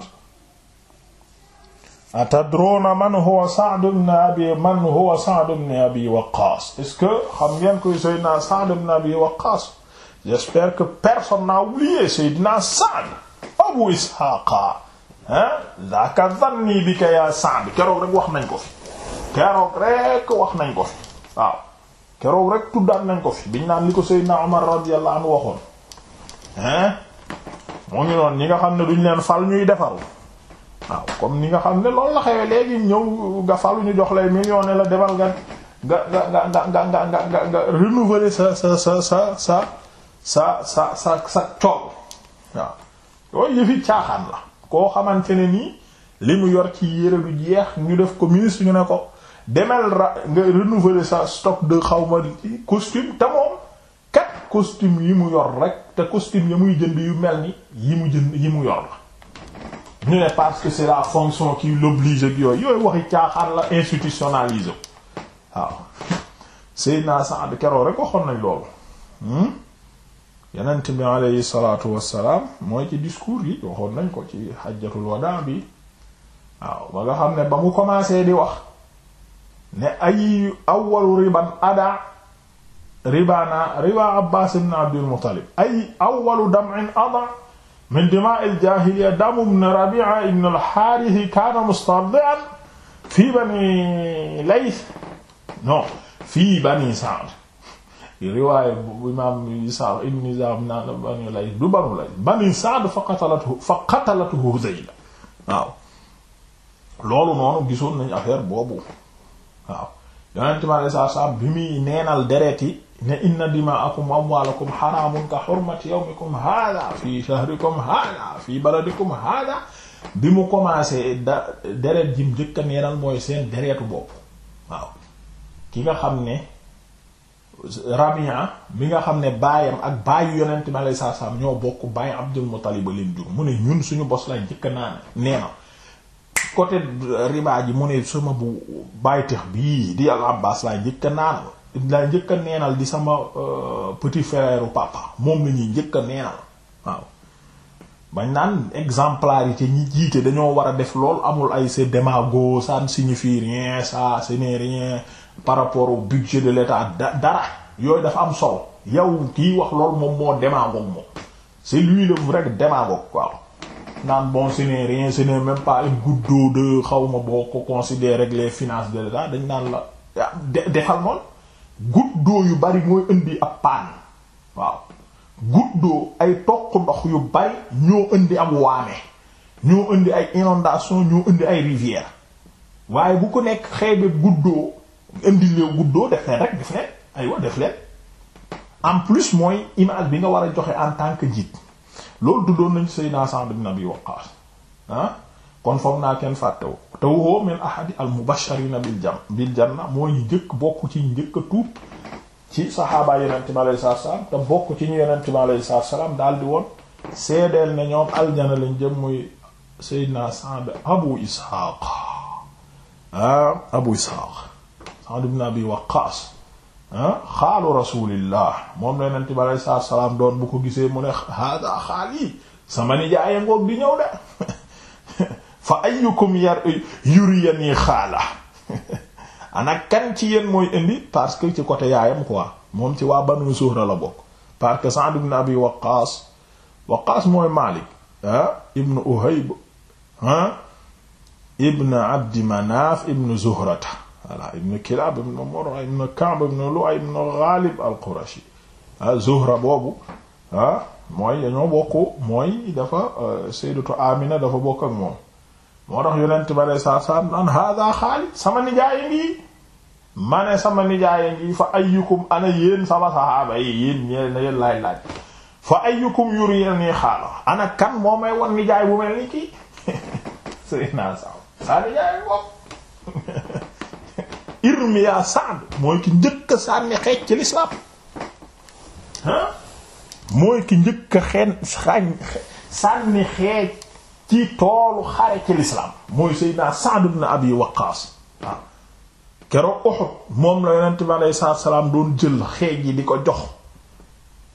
Speaker 1: atadruna man huwa Sa'd ibn Abi man huwa Sa'd ibn Abi Waqqas est-ce que xam ngeen koy Seydina Sa'd ibn Abi Waqqas j'espère que personne n'a oublié Seydina Abu Ishaqa ah zaaka zanni bi ka yaa Sa'd keroog rek wax nañ ko fi keroog rek wax nañ ko fi waaw keroog rek tuddaan nañ ko fi biñ naan li ko Seydina Omar radiyallahu anhu waxoon hein moo ngi noonu ñi nga xam ne duñ leen fal ñuy defaru waaw comme ni nga xam ne loolu la xewee léegi ñëw nga falu ñu jox lay million ne la demal nga nga nga nga nga nga nga nga nga renouveler sa sa sa sa sa sa sa sa sa coow waaw yooyu yëfi caaxaan la koo xamante ne nii li mu yor ci yére lu jeex ñu def ko ministre ñu ne ko demal ra nga renouveler sa stock de xawma costume te moom kat costume yi mu yor rek te costume yi muy jënd yu mel ni yi mu jënd yi mu yor la ñu ne parce que c'est la fonction qui l'oblige ak yooyu yooyu waxi caaxaan la institutionnalisé waaw Seydina Saad keroog rek waxoon nañ loolu hmm? yonent bi aleyhi salaatu wassalaam mooy ci discours yi waxoon nañ ko ci xajjatul wadaa bi waaw ba nga xam ne ba mu commencé di wax ne ay awwalu riban ada ribaana riba abbaas ibn abdul muttalib ay awwalu dam'in ada min dimaa'il jaahiliya damu ibn rabi'a ibn al-haarith kaana mustada'an fii bani layth non fii bani sa'd riwaaya bu imaam Isaaq ibn fa qatalatu fa qatalatu loolu noonu gisoon nañ affaire boobu waaw yonent mi alayhi salaatu salaam bi muy neenal deret yi ne inna dimaa'akum ka xurmati yawmikum haadaa fii shahrikum haadaa fii baladikum haadaa bi mu commencé deret jim jëkka neenal mooy seen deretu bopp ki nga xam ne Rabia mi nga xam ne baayam ak baayu yonent mi saa salaam ñoo bokk baay Abdul Muttalib ba leen jur mu ne ñun suñu bos la njëkk naa nee na côté riba ji mu ne sama bu bàyyitex bii di al Abbas laa njëkk a a neenal di sama euh, petit frère papa moom la ñuy njëkk a neenal waaw bañ naan exemplarité ñi jiite dañoo war a def lool amul ay c'est démago ça ne signifie rien ça ce par rapport au budget de l'État dara yooyu dafa am sol yow kii wax loolu moom moo démagogue moom c'est lui le vrai démagogue quoi naan bon ce n'est rien ce n'est même pas une de xaw ma boo ko considérer rek les finances de l'État dañ naan la ah, defal noonu goutte yu bari mooy indi ak paan waaw goutte ay toq ndox yu bari ñoo indi am waame ñoo indi ay inondation ñoo indi ay rivières waaye bu ko nekk xeebee goutte indi leen guddoo defee rek def leen aywa def en plus mooy image bi nga war a joxe en tant que njiit loolu dundoon nañu Seydina Sa'd ibn Abi Waqqas ah kon foog naa kenn fàttewu te woo min ahadi al mubashirina bil jam bil janna mooy ñu njëkk bokk ci njëkk a tuub ci saxaaba yonente bi alayhi salaatu salaam te bokk ci ñu yonente bi alayhi salaam daal di woon seedeel ne ñoom aljana lañ jëm muy Seydina Sa'd Abu Ishaq ah, Abu Ishaq Sa'd ibn Abi Waqqas ah, xaalu rasulillah moom la yonent bi aleyhi salaam doon bu ko gisee mu ne hada xaal yi sama nijaay ngoog di ñëw de fa ayyukum yar yuriyani xaala ana kan ci yéen mooy indi parce que ci côté yaayam quoi moom ci waa Banu Zuhra la bokk parce que Sa'd ibn Abi Waqqas Waqqas mooy Malik ah ibn Uhayb ah, Abdi Manaf ibn Zuhrata voilà ibn Kilaab ibn Murra ibn Ka'b ibn Lu'ay ibn Ghalib al-Qurashi ah, Zuhra boobu ah mooy dañoo bokk mooy dafa euh, saa saa naan hada Xaalid sama nijaay ngi ma sama nijaay ngi fa ayyukum ana yéen sama saxaaba yi yéen ñee na yéen laaj laaj fa ayyukum yuriyani xaala ana kan moo may wan nijaay bu mel ni kii naa saa saa nijaay boobu irmiya Sa'd mooy ki njëkk ci lislaam ah mooy ki njëkk a xeen sànni xeej ci lislaam mooy Seydina Sa'd ibn Abi Waqqaas keroog Uhud moom la yonent bi alayhi salaatu salaam doon jël xeej yi di ko jox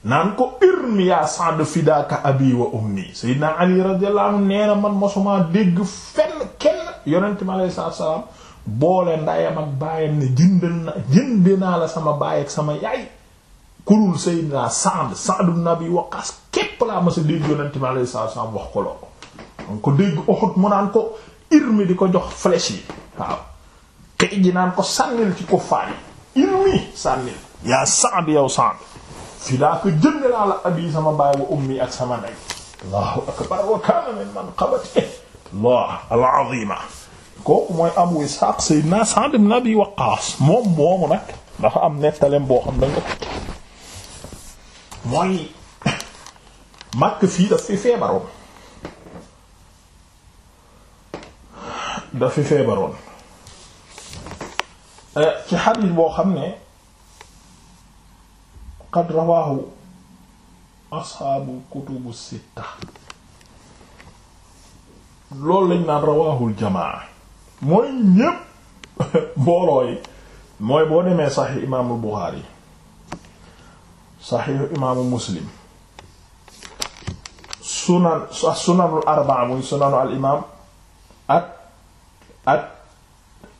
Speaker 1: naan ko irmi yaa Sa'd fidaaka abi wa ummi Seydina Ali radiyallahu anhu nee na man dégg fenn kenn yonent bi alayhi salaatu salaam boole ndayam ak baayam ne jëndal naa la sama baay ak sama yaay kurul Seydina Sa'd Sa'd ibn Abi Waqqas képp laa ma sa dégg yonent ko mu naan ko irmi di ko jox flèche yi waaw xëy naan ko sànnil ci kuffaar yi irmi sànnil yaa Sa'd yow Sa'd fi laa ko jënd naa la abi sama baay wa ummi ak sama ndey Allahu akbar wa kaana min manqabati Allah al-azima kooku mooy Abu Ishaq Seydina Sa'd ibn Abi Waqqas moom moomu nag dafa am nettaleem boo xam da nga fii daf fi feebaroon daf fi feebaroon eh, ci xadiis boo xam ne qad rawaahu asxaabu kutubu sitta loolu lañ naan rawaahul jamaa mooy ñépp mbooloo mooy boo demee saxiix imaamu Buxaari saxiix imaamu Muslim sunan sunanul arbaa muy sunanu al imaam ak ak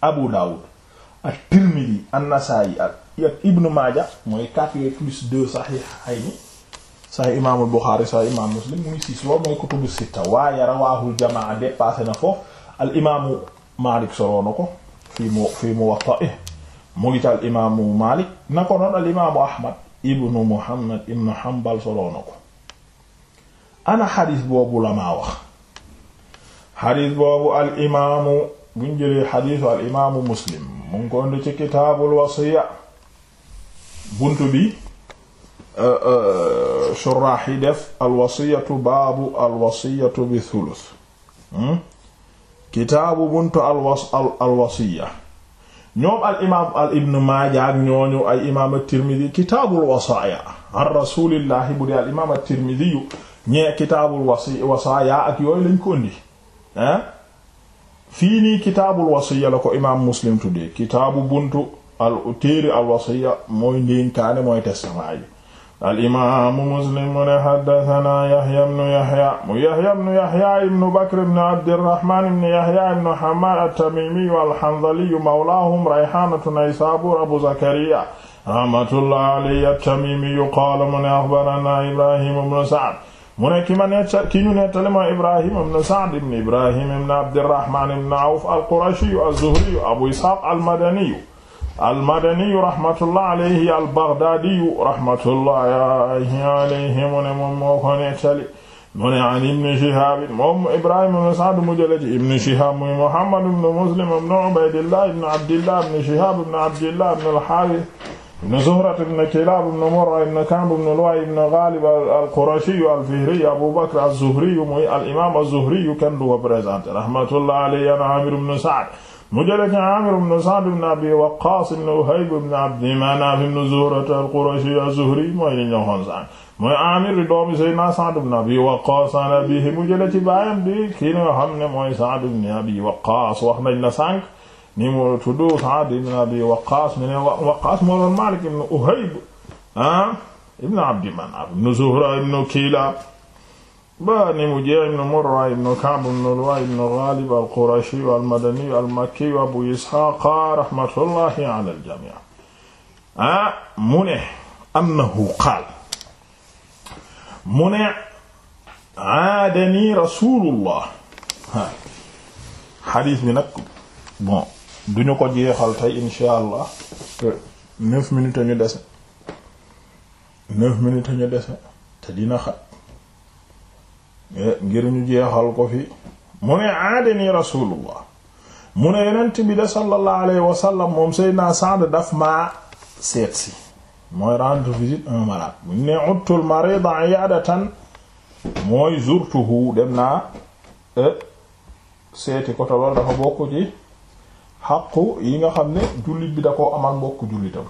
Speaker 1: Abu Dawud ak Tirmidi ak Nasaayi ak ak Ibnu Maaja mooy quatre yooyu plus deux saxiix ay ni saxiix imaamul Buxaari saxiix imaam Muslim muy six loolu mooy kutubu sitta waaye rawaahul jamaa dépassé na foofu al imaamu Malik soloo na ko fii mu fii Muwatta mu ngi ci al imaamu Malik na ko noon al imaamu Ahmad ibnu Muhammad ibnu Hanbal soloo na ko ana xadis boobu la maa wax xadis boobu al imaamu buñ jëlee xadisu al imaamu Muslim mu ngi ko indi ci kitaabul wasiya bunt bi euh, euh, shuraax yi def al wasiyatu baabu al wasiyatu bi thuluth hmm? kitaabu buntu alwas alwasiya ñoom al imaam al ibn Maaja ak ñooñu ay imaam at-Tirmidi kitaabul al imaam ak yooyu lañ ko indi ah fii nii wasiya la ko imaam Muslim tuddee kitaabu buntu al téere al wasiya mooy ndénkaane mooy testament yi alimaamu muslim mu ne xaddatanaa yaxya bnu yaxya mu yaxya bnu yaxya ibnu bakr bnu abdirahman ibnu yaxya ibnu hamaan attamimiyu alxandaliyu mawlaahum rayxaanatu naysaabuur abu zakariya rahmatullah alayhi attamimiyu qaala mu ne axbaranaa ibrahim bnu saad mu ne ki ma nett ki ñu nettale moo ibrahim bnu saad ibnu ibrahim ibnu abdirahman ibnu awf alqurashiyu azzuhriyu abu isxaaq almadaniyu almadaniyu rahmatullah alayhi albaghdaadiyu rahmatullahi alayhi mu ne moom moo ko nettali mu ne an ibni Shihaab moom Ibrahima ibn Sa'd mu jële ci ibni Shihaab muy Muhammad ibn Muslim ibn Ubaydillah ibn Abdillah ibn Shihaab ibn Abdillah ibn al-Haarith ibn Zuhra ibn Kilaab ibn Murra ibn Ka'b ibn Lu'ay ibn Ghaalib al-Qurashi al-Fihri Abu Bakr az-Zuhri muy al-imaam az-Zuhri kenn du ko présenté rahmatullah alayhi an Aamir ibn Sa'd mu jële ci Aamir ibn Sa'd ibn Abi Waqqaas ibn Wahayb ibn Abdi Manaaf ibn Zuhra al-Qurashi az-Zuhri mooy li ñu waxoon sànq mooy Aamir di doomi Seydina Sa'd ibn Abi Waqqaas an abiihi mu jële ci baayam bi kii nga xam ne mooy Sa'd ibn Abi Waqqaas wax nañ la sànq ni mu tudd Sa'd ibn Abi Waqqaas mu ne Waqqaas moo doon Maalik ibn Wahayb ah ibn Abdi Manaaf ibn Zuhra ibn Kilaab ba ni mu jeex ibn Murra ibn Ka'b ibn Lu'ay ibn Ghalib al-Qurashi al-Madani al-Makki Abu Ishaq rahmatullahi ala al-jami' ah mu ne annahu qaal mu ne aadani rasulullah xadiis bi nag bon duñu ko jeexal tey insha allah te neuf minutes ñu dese neuf minutes ñu dese te dina xat Eh, ngir ñu jeexal ko fi mu ne aadani rasulullah mu ne yonent bi da sallallahu alayhi wa moom Seydina Sa'd daf maa seet si mooy rendre visite un malade mu ne uttul marida iyadatan mooy zurtuhu dem naa eh, seeti ko te loolu dafa bokk ci xaqu yi nga xam ne jullit bi da koo amal mbokk jullitam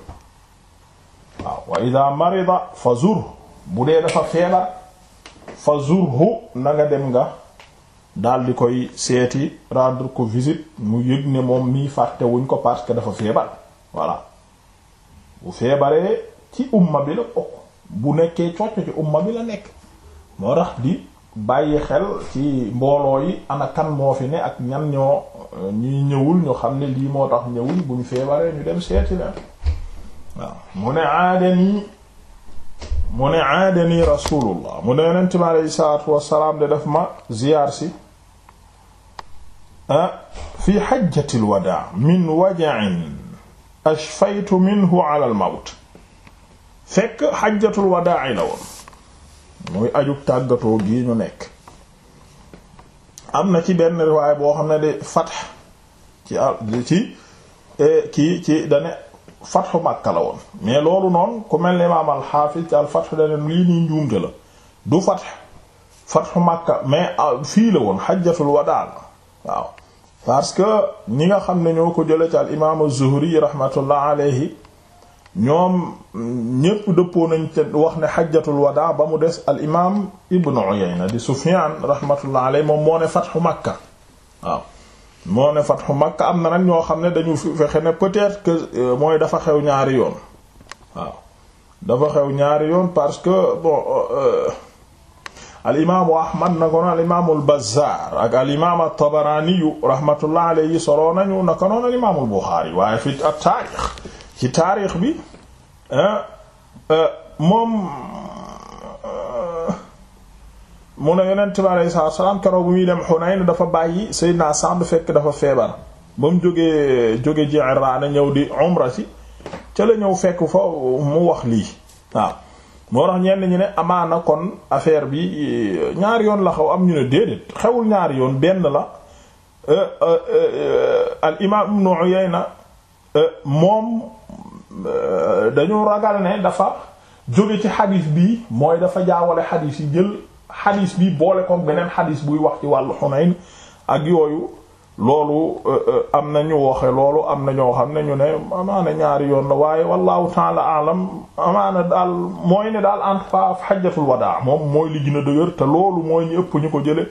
Speaker 1: waaw wa ida marida fa zur bu dee dafa feebar fa zurhu na nga dem nga daal di koy seeti rendre ko visite mu yëg ne moom mii fàtte wuñ ko parce que dafa feebar voilà bu feebaree ci umma bi la bokk bu nekkee cocc ci umma bi la nekk moo tax di bàyyi xel ci mbooloo yi ana moo fi ne ak ñan ñoo euh, ñuy ñëwul ñu xam ne lii moo tax ñëwul buñ feebaree ñu dem seeti leen waaw mu ne aada nii mu ne aadani rasulullah mu ne yonent bi aleyhi salaatu wassalaam de daf ma ziyaar si ah, fi xajjatil wadaa min waja'in ashfaytu minhu ala al mawt fekk xajjatul wadaa la woon muy ajug tàggatoo gi ñu nekk am na ci benn riwaay boo xam ne de fatx ci ci eh, kii ci dane fatxu Makka la woon mais loolu noonu ku mel ni imaam al-Hafiz ci al-Fath daneen lii nii njuumte la du fatx fatxu Makka mais ah, fii la woon xajjatul wadaa waaw parce que ñi nga xam ne ñoo ko jële ci al imaam az-Zuhri ñoom ñépp dëppoo nañ te wax ne xajjatul wadaa ba mu des al imaam Ibn Uyayna di Sufyaan moom moo ne fatxu Makka waaw moo ne fatxu Makka am na nag ñoo xam ne dañu fexe ne peut-être que euh, mooy dafa xew ñaari yoon waaw dafa xew ñaari yoon parce que bon euh, euh, al imaamu Ahmad na ko al imaamul Bazzaar ak al imaam at-Tabaraani rahmatullah alayhi soloo nañu naka noonu al imaamul Buxaari waaye fi at taarix ci taarix bi moom. mu ne yonent bi aleyhi salaatu wa salaam keroog bu muy dem na dafa bàyyi Seydina Sa'd fekk dafa feebar ba mu jógee jóge Ji'raana ñëw di umra si ca la ñëw fekk fa mu wax lii waaw moo tax ñenn ñu ne amaana kon affaire bi euh, ñaari yoon la xaw am ñu ne déedéet xewul ñaari yoon benn la euh, euh, al imaam Ibn na moom dañu ragal ne dafa jóge ci xadiis bi mooy dafa jaawale xadiis yi jël xadis bi boole koog beneen xadis buy wax ci wàllu Xunayn ak yooyu loolu euh, euh, am na ñu waxe loolu am na ñoo xam na ñu ne amaana ñaari yoon la waaye wallahu taala alam amaana daal mooy ne daal entre fa xajjatul wadaa moom mooy li gën a dëgër te loolu mooy ñu ëpp ñu ko jële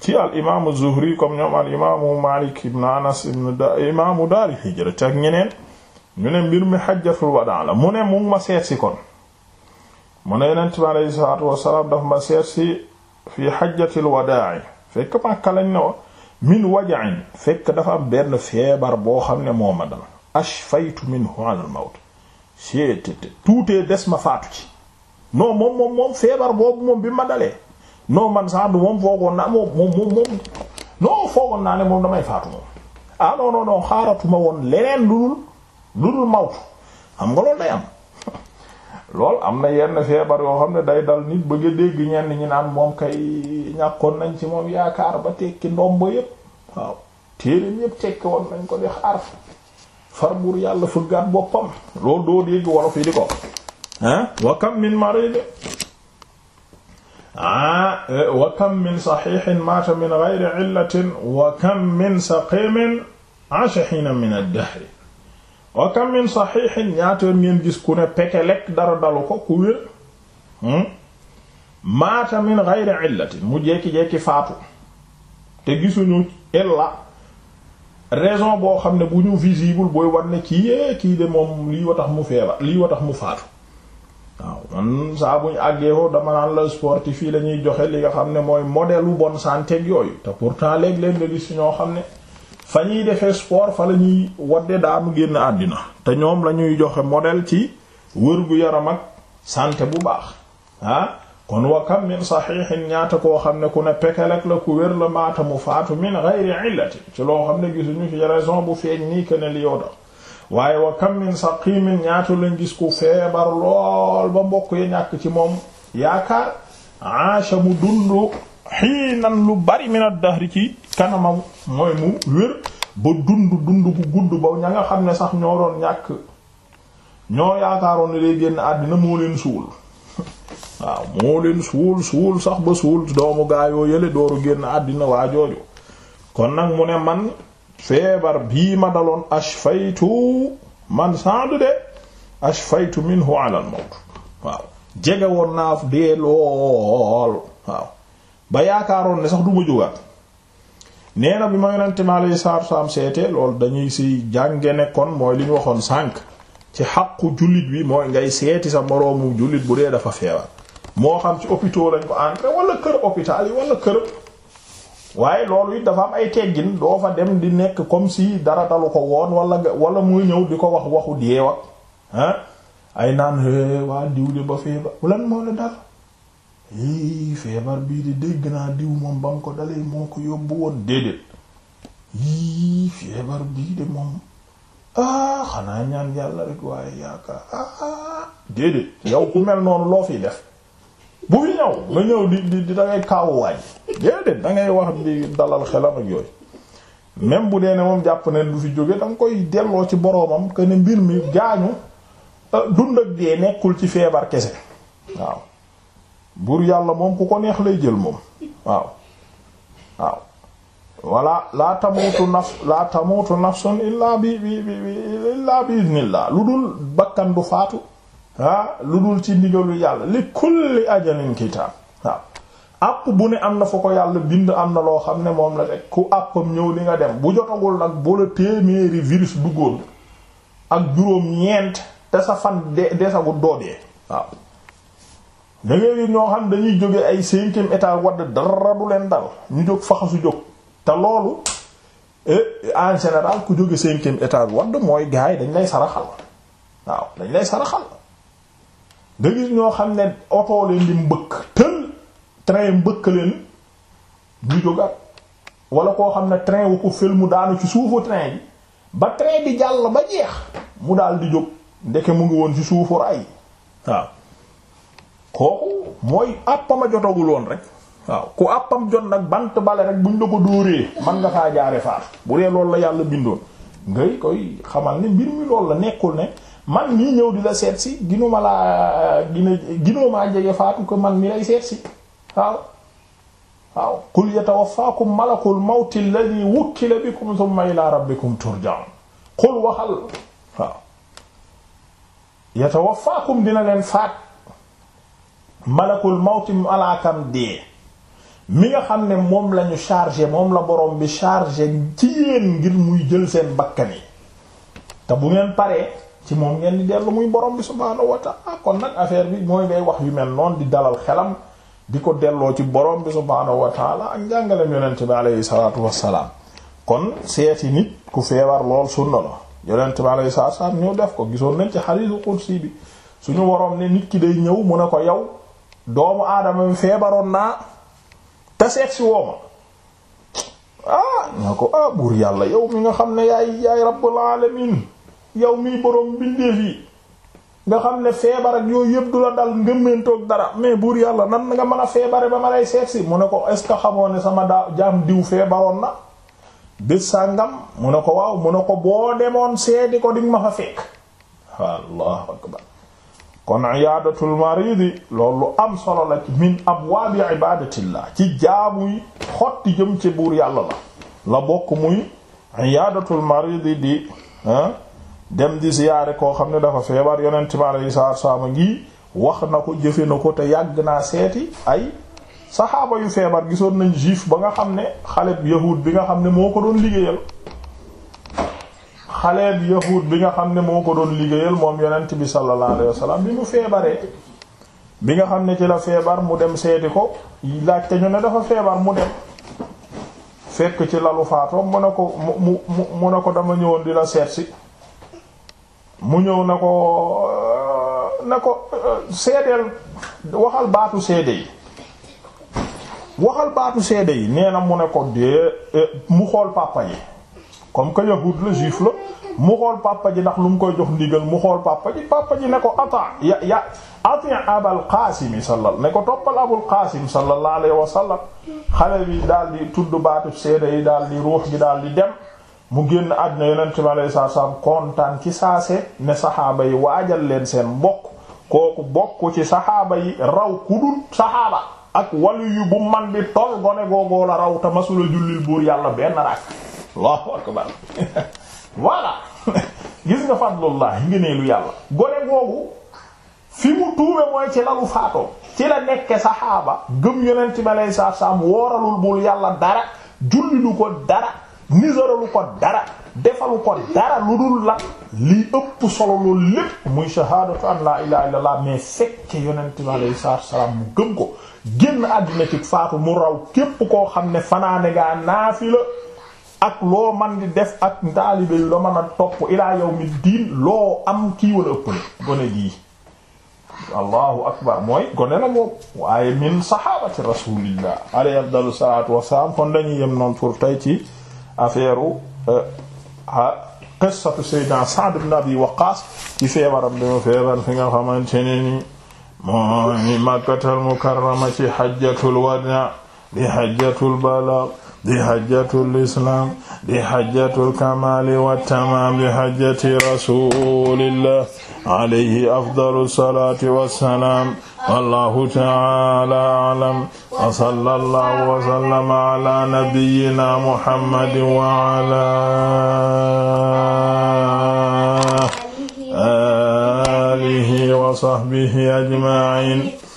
Speaker 1: ci al imaamu Zuhri comme ñoom al imaamu Malik ibn Anas ibn imaamu daari hijra ak ñeneen ñu ne mbir mi xajjatul wadaa la mu ne mu ma seet si kon mu ne yonent bi aleyhi salaatu wasalaam daf ma seet si fii xajjatil wadaa fekk Makka lañ wa min wajain fekk dafa am benn feebar boo xam ne moo ma dal ashfaytu minhu al mawt seetete des ma faatu ci non moom moom feebar boobu moom bi ma dalee non man sax moom foogoon naa moom moom moom moom foogoon naa ne moom damay faatu moom ah non non non xaaratuma woon leneen lu dul lu dul mawtu xam nga loolu lay am lool am na yenn feebar yoo xam ne day dal nit bëgg a dégg ñenn ñi naan moom kay ñàkkoon nañ ci moom yaakaar ba tekki ndombo yépp waaw téereem yépp tekki woon ko di xaar far buur yàlla fëggaat boppam loolu doo dégg wolof yi di ko ah wa kam min marid ah eh, wa kam min saxiixin maata min gayri illatin wa kam min saqimin ashaxiina min ad-dahri wa kam min saxiixin ñaata ngeen gis ku ne lekk dara dalu ko ku wér hmm? maata min geyri illatin mu jekki-jekki faatu te gisuñu illa raison boo xam ne bu ñu visible booy war ne kii yee eh, kii de moom lii wa tax mu feebar lii wa tax mu faatu waaw man saa buñ àggee ko dama naan la sportif yi lañuy joxe li nga xam ne mooy modèle bu bonne santé yooyu te pourtant léeg-léeg nga gis ñoo xam ne fa ñuy defee sport fa la ñuy wadde daanu génn àddina te ñoom la ñuy joxe model ci gu yara mag santé bu baax kon wa kam min saxiixin ñaata koo xam ne ku ne pekelek la ku wér la maata mu faatu min geyri illati ci loo xam ne gisuñu fi raison bu feeñ nii que ne li yow da waaye wa kam min saqimin ñaata lañ gis ku feebar lool ba mbokk ya ñàkk ci moom yaakaar aasha mu dundu xiinan lu bari min ad-dahri ci kanamam mooy mu wér ba dund dund bu gudd ba ña nga xam ne sax ñoo doon ñàkk ñoo yaakaaroon ne day génn àddina moo leen suul waaw moo leen suul suul sax ba suul doomu yoo yële dooru génn àddina waa jooju kon nag mu ne man feebar bii ma daloon ashfaytu man Saad de faytu minhu ala al-mawt waaw jege woon naa dee lool waaw ba yaakaaroon ne sax du ma jógaat nee na bi ma yonente mi alayhi salaatu salaam seete loolu dañuy si jànge nekkoon kon mooy li ñu waxoon sànq ci xaqu jullit bi mooy ngay seeti sa boroomu jullit bu dee dafa feebar moo xam ci hôpitaux lañ ko entré wala kër hôpital yi wala kër waaye loolu it dafa am ay teggin doo fa dem di nekk comme si dara dalu ko woon wala wala muy ñëw di ko wax waxu deew ak ah ay naan waa diw ba feebar lan moo la dal yii feebar bii de dégg naa diw moom ba mu ko dalee moo ko yóbbu woon déedéet yii feebar bii de moom ah, xanaa ñaan yàlla rek waaye yaakaar ah, déedéet yow ku mel noonu loo fiy def bu fi ñëw nga ñëw di di dangay da ngay kaawuwaay déedéet da wax di dalal xelam ak yooyu même bu dee ne moom jàpp ne bu fi jóge da koy delloo ci boroomam que ne mbir mi gaañu euh, dund ak dee nekkul ci feebar kese waaw. buur yàlla moom ku ko neex lay jël moom waaw waaw walla laa tamutu naf laa tamutu nafsun illaa bi bi bi illaa bi idnillah lu dul bakkan du faatu ah lu dul ci ndigalu yàlla li kulli ajalin kitaab waaw àpp bu ne am na fa ko yàlla bind am na loo xam ne moom la rek ku àppam ñëw li nga dem bu jotagul nag bu la téeméeri virus duggoon ak juróom ñeent te sa fan de desagu doodee waaw da gis ñoo xam dañuy jóge ay cinquième étage wadd dara du leen dal ñu jóg faxasu jóg te loolu eh, en général ku jóge cinquième étage wadd mooy gars yi dañ lay saraxal waaw dañ lay saraxal da gis ñoo xam ne otoo leen di mbëkk tël train mbëkk leen ñu jógaat wala koo xam ne train wu ko fël mu daanu ci suufu train bi ba train bi jàll ba jeex mu daal di jóg ndeke mu ngi woon ci suufu raay waaw kooku mooy àppama jotagul woon rek waaw ku àppam jot nag bant bale rek buñ la ko dóoree man nga faa jaare faat bu dee loolu la yàlla bindoon ngay koy xamal ne mbir mi loolu la nekkul ne man mii ñëw di la seet si ginuma laa gina ginoomaa jege faatu ko man mi lay seet si waaw waaw qul yatawaffakum malakul mawti alladhi wukkila bikum thumma ila rabbikum turja'un qul waxal waaw yatawaffakum dina leen faat malakul mawti malaakam dee mi nga xam ne moom lañu chargé moom la borom bi chargé ci yéen ngir muy jël seen bakkan te bu ngeen paree ci moom ngeen di dellu muy borom bi subhaanahu wa ta'ala kon nag bi mooy ngay wax yu mel noonu di dalal xelam di ko delloo ci borom bi subhaanahu wa ta'ala ak njàngaleem yonent bi aleyhi salaatu wassalaam kon seeti nit ku feebar lool sunna la yonent bi aleyhi salaatu wassalaam ñëw def ko gisoo nañ ci hadiisu qudsi bi suñu woroom ne nit ki day ñëw mu ne ko yow doomu aadama mi feebaroon naa te seet si wooma ah ñaa ko ah buur yàlla yow mi nga xam ne yaay yaay rabbul alamin yow mii boroom bindeef yi nga xam ne feebar ak yooyu yëpp du la dal ngëmmentoog dara mais buur yàlla nan nga mën a feebare ba ma lay seet si mu ne ko est ce que xamoo ne sama daa jaam diw feebaroon na bés sàngam mu ne ko waaw mu ne ko boo demoon seeti ko di ma fa fekk allahu akbar kon iyaadatul maridi loolu am solo la ci min abwaabi ibaadatillah ci jaamuy xotti jëm ci buur yàlla la la bokk muy iyaadatul maridi di ah, dem di ziyaare koo xam ne dafa feebar yonent mi alayhi salaatu salaam ngi wax na ko jëfe ko te yàgg naa seeti ay saxaaba yu feebar gisoon nañ juif ba nga xam ne xale yahud bi nga xam ne moo ko doon liggéeyal xaleeb yahuud bi nga xam ne moo ko doon liggéeyal moom yonent bi sallallahu alayhi wasallam bi mu feebaree bi nga xam ne ci la feebar mu dem seeti ko laajte ñu ne dafa feebar mu dem fekk ci lalu faatoo mu ne ko mu mu mu ne ko dama ñëwoon di la seetsi mu ñëw na ko euh, na ko euh, seedeel waxal baatu seede yi waxal baatu seede yi nee na mu ne ko dee euh, mu xool pàppa yi comme que yahud la juif la mu xool papa ji ndax lu mu koy jox ndigal mu xool papa ji papa ji ne ko ata ya ya ati abal qaasimi sallal ne ko toppal abul qaasim sallallahu alayhi wa sallam xale bi daal di tudd baatub seede yi daal di ruux gi daal di dem mu génn àddina yonent bi alayhi salaatu salaam kontaan ci saase ne saxaaba yi waajal leen seen bokk kooku bokk ci saxaaba yi raw kudul saxaaba ak walu yu bu man bi tol gone googoo la raw te masula jullil buur yàlla benn allahu akbar voilà gis nga fadlullah ngëneelu yàlla gone boobu fi mu tuube mooy ci lalu faatoo ci la nekke saxaaba gëm yonent bi aleyhi salaatu salaam wooralul bul yàlla dara jullilu ko dara nisaralu ko dara defalu ko dara lu dul la li ëpp solo loolu lépp muy shahaadatu an laa ilaaha illallaah mais fekke yonent bi aleyhi salaatu salaam mu gëm ko génn àddina faatu mu raw képp koo xam ne fanaane ngaa naafi ak loo man def ak taalibe yu la mën a topp ilaa yawmi diin loo am kii wala ëppale gone gii allahu akbar mooy gone la moom waaye min sahabati rasulillah alayhi afdalu yem noonu pour ci affaire euh, qissatu sayyidina Sa'd ibn Abi Waqqas ci feebaram bi mu feebar fi nga xamante ne ni mooy Makkatul Mukarrama ci hajjatul wadaa di hajjatul balagh di hajjatul islam di hajjatul kamali wa tamam di hajjati rasulillah alayhi afdalu salati wassalam wallahu ta'ala a'lam wa sallallahu wa sallama ala nabiyyina muhammadin wa ala alihi wa sahbihi ajma'in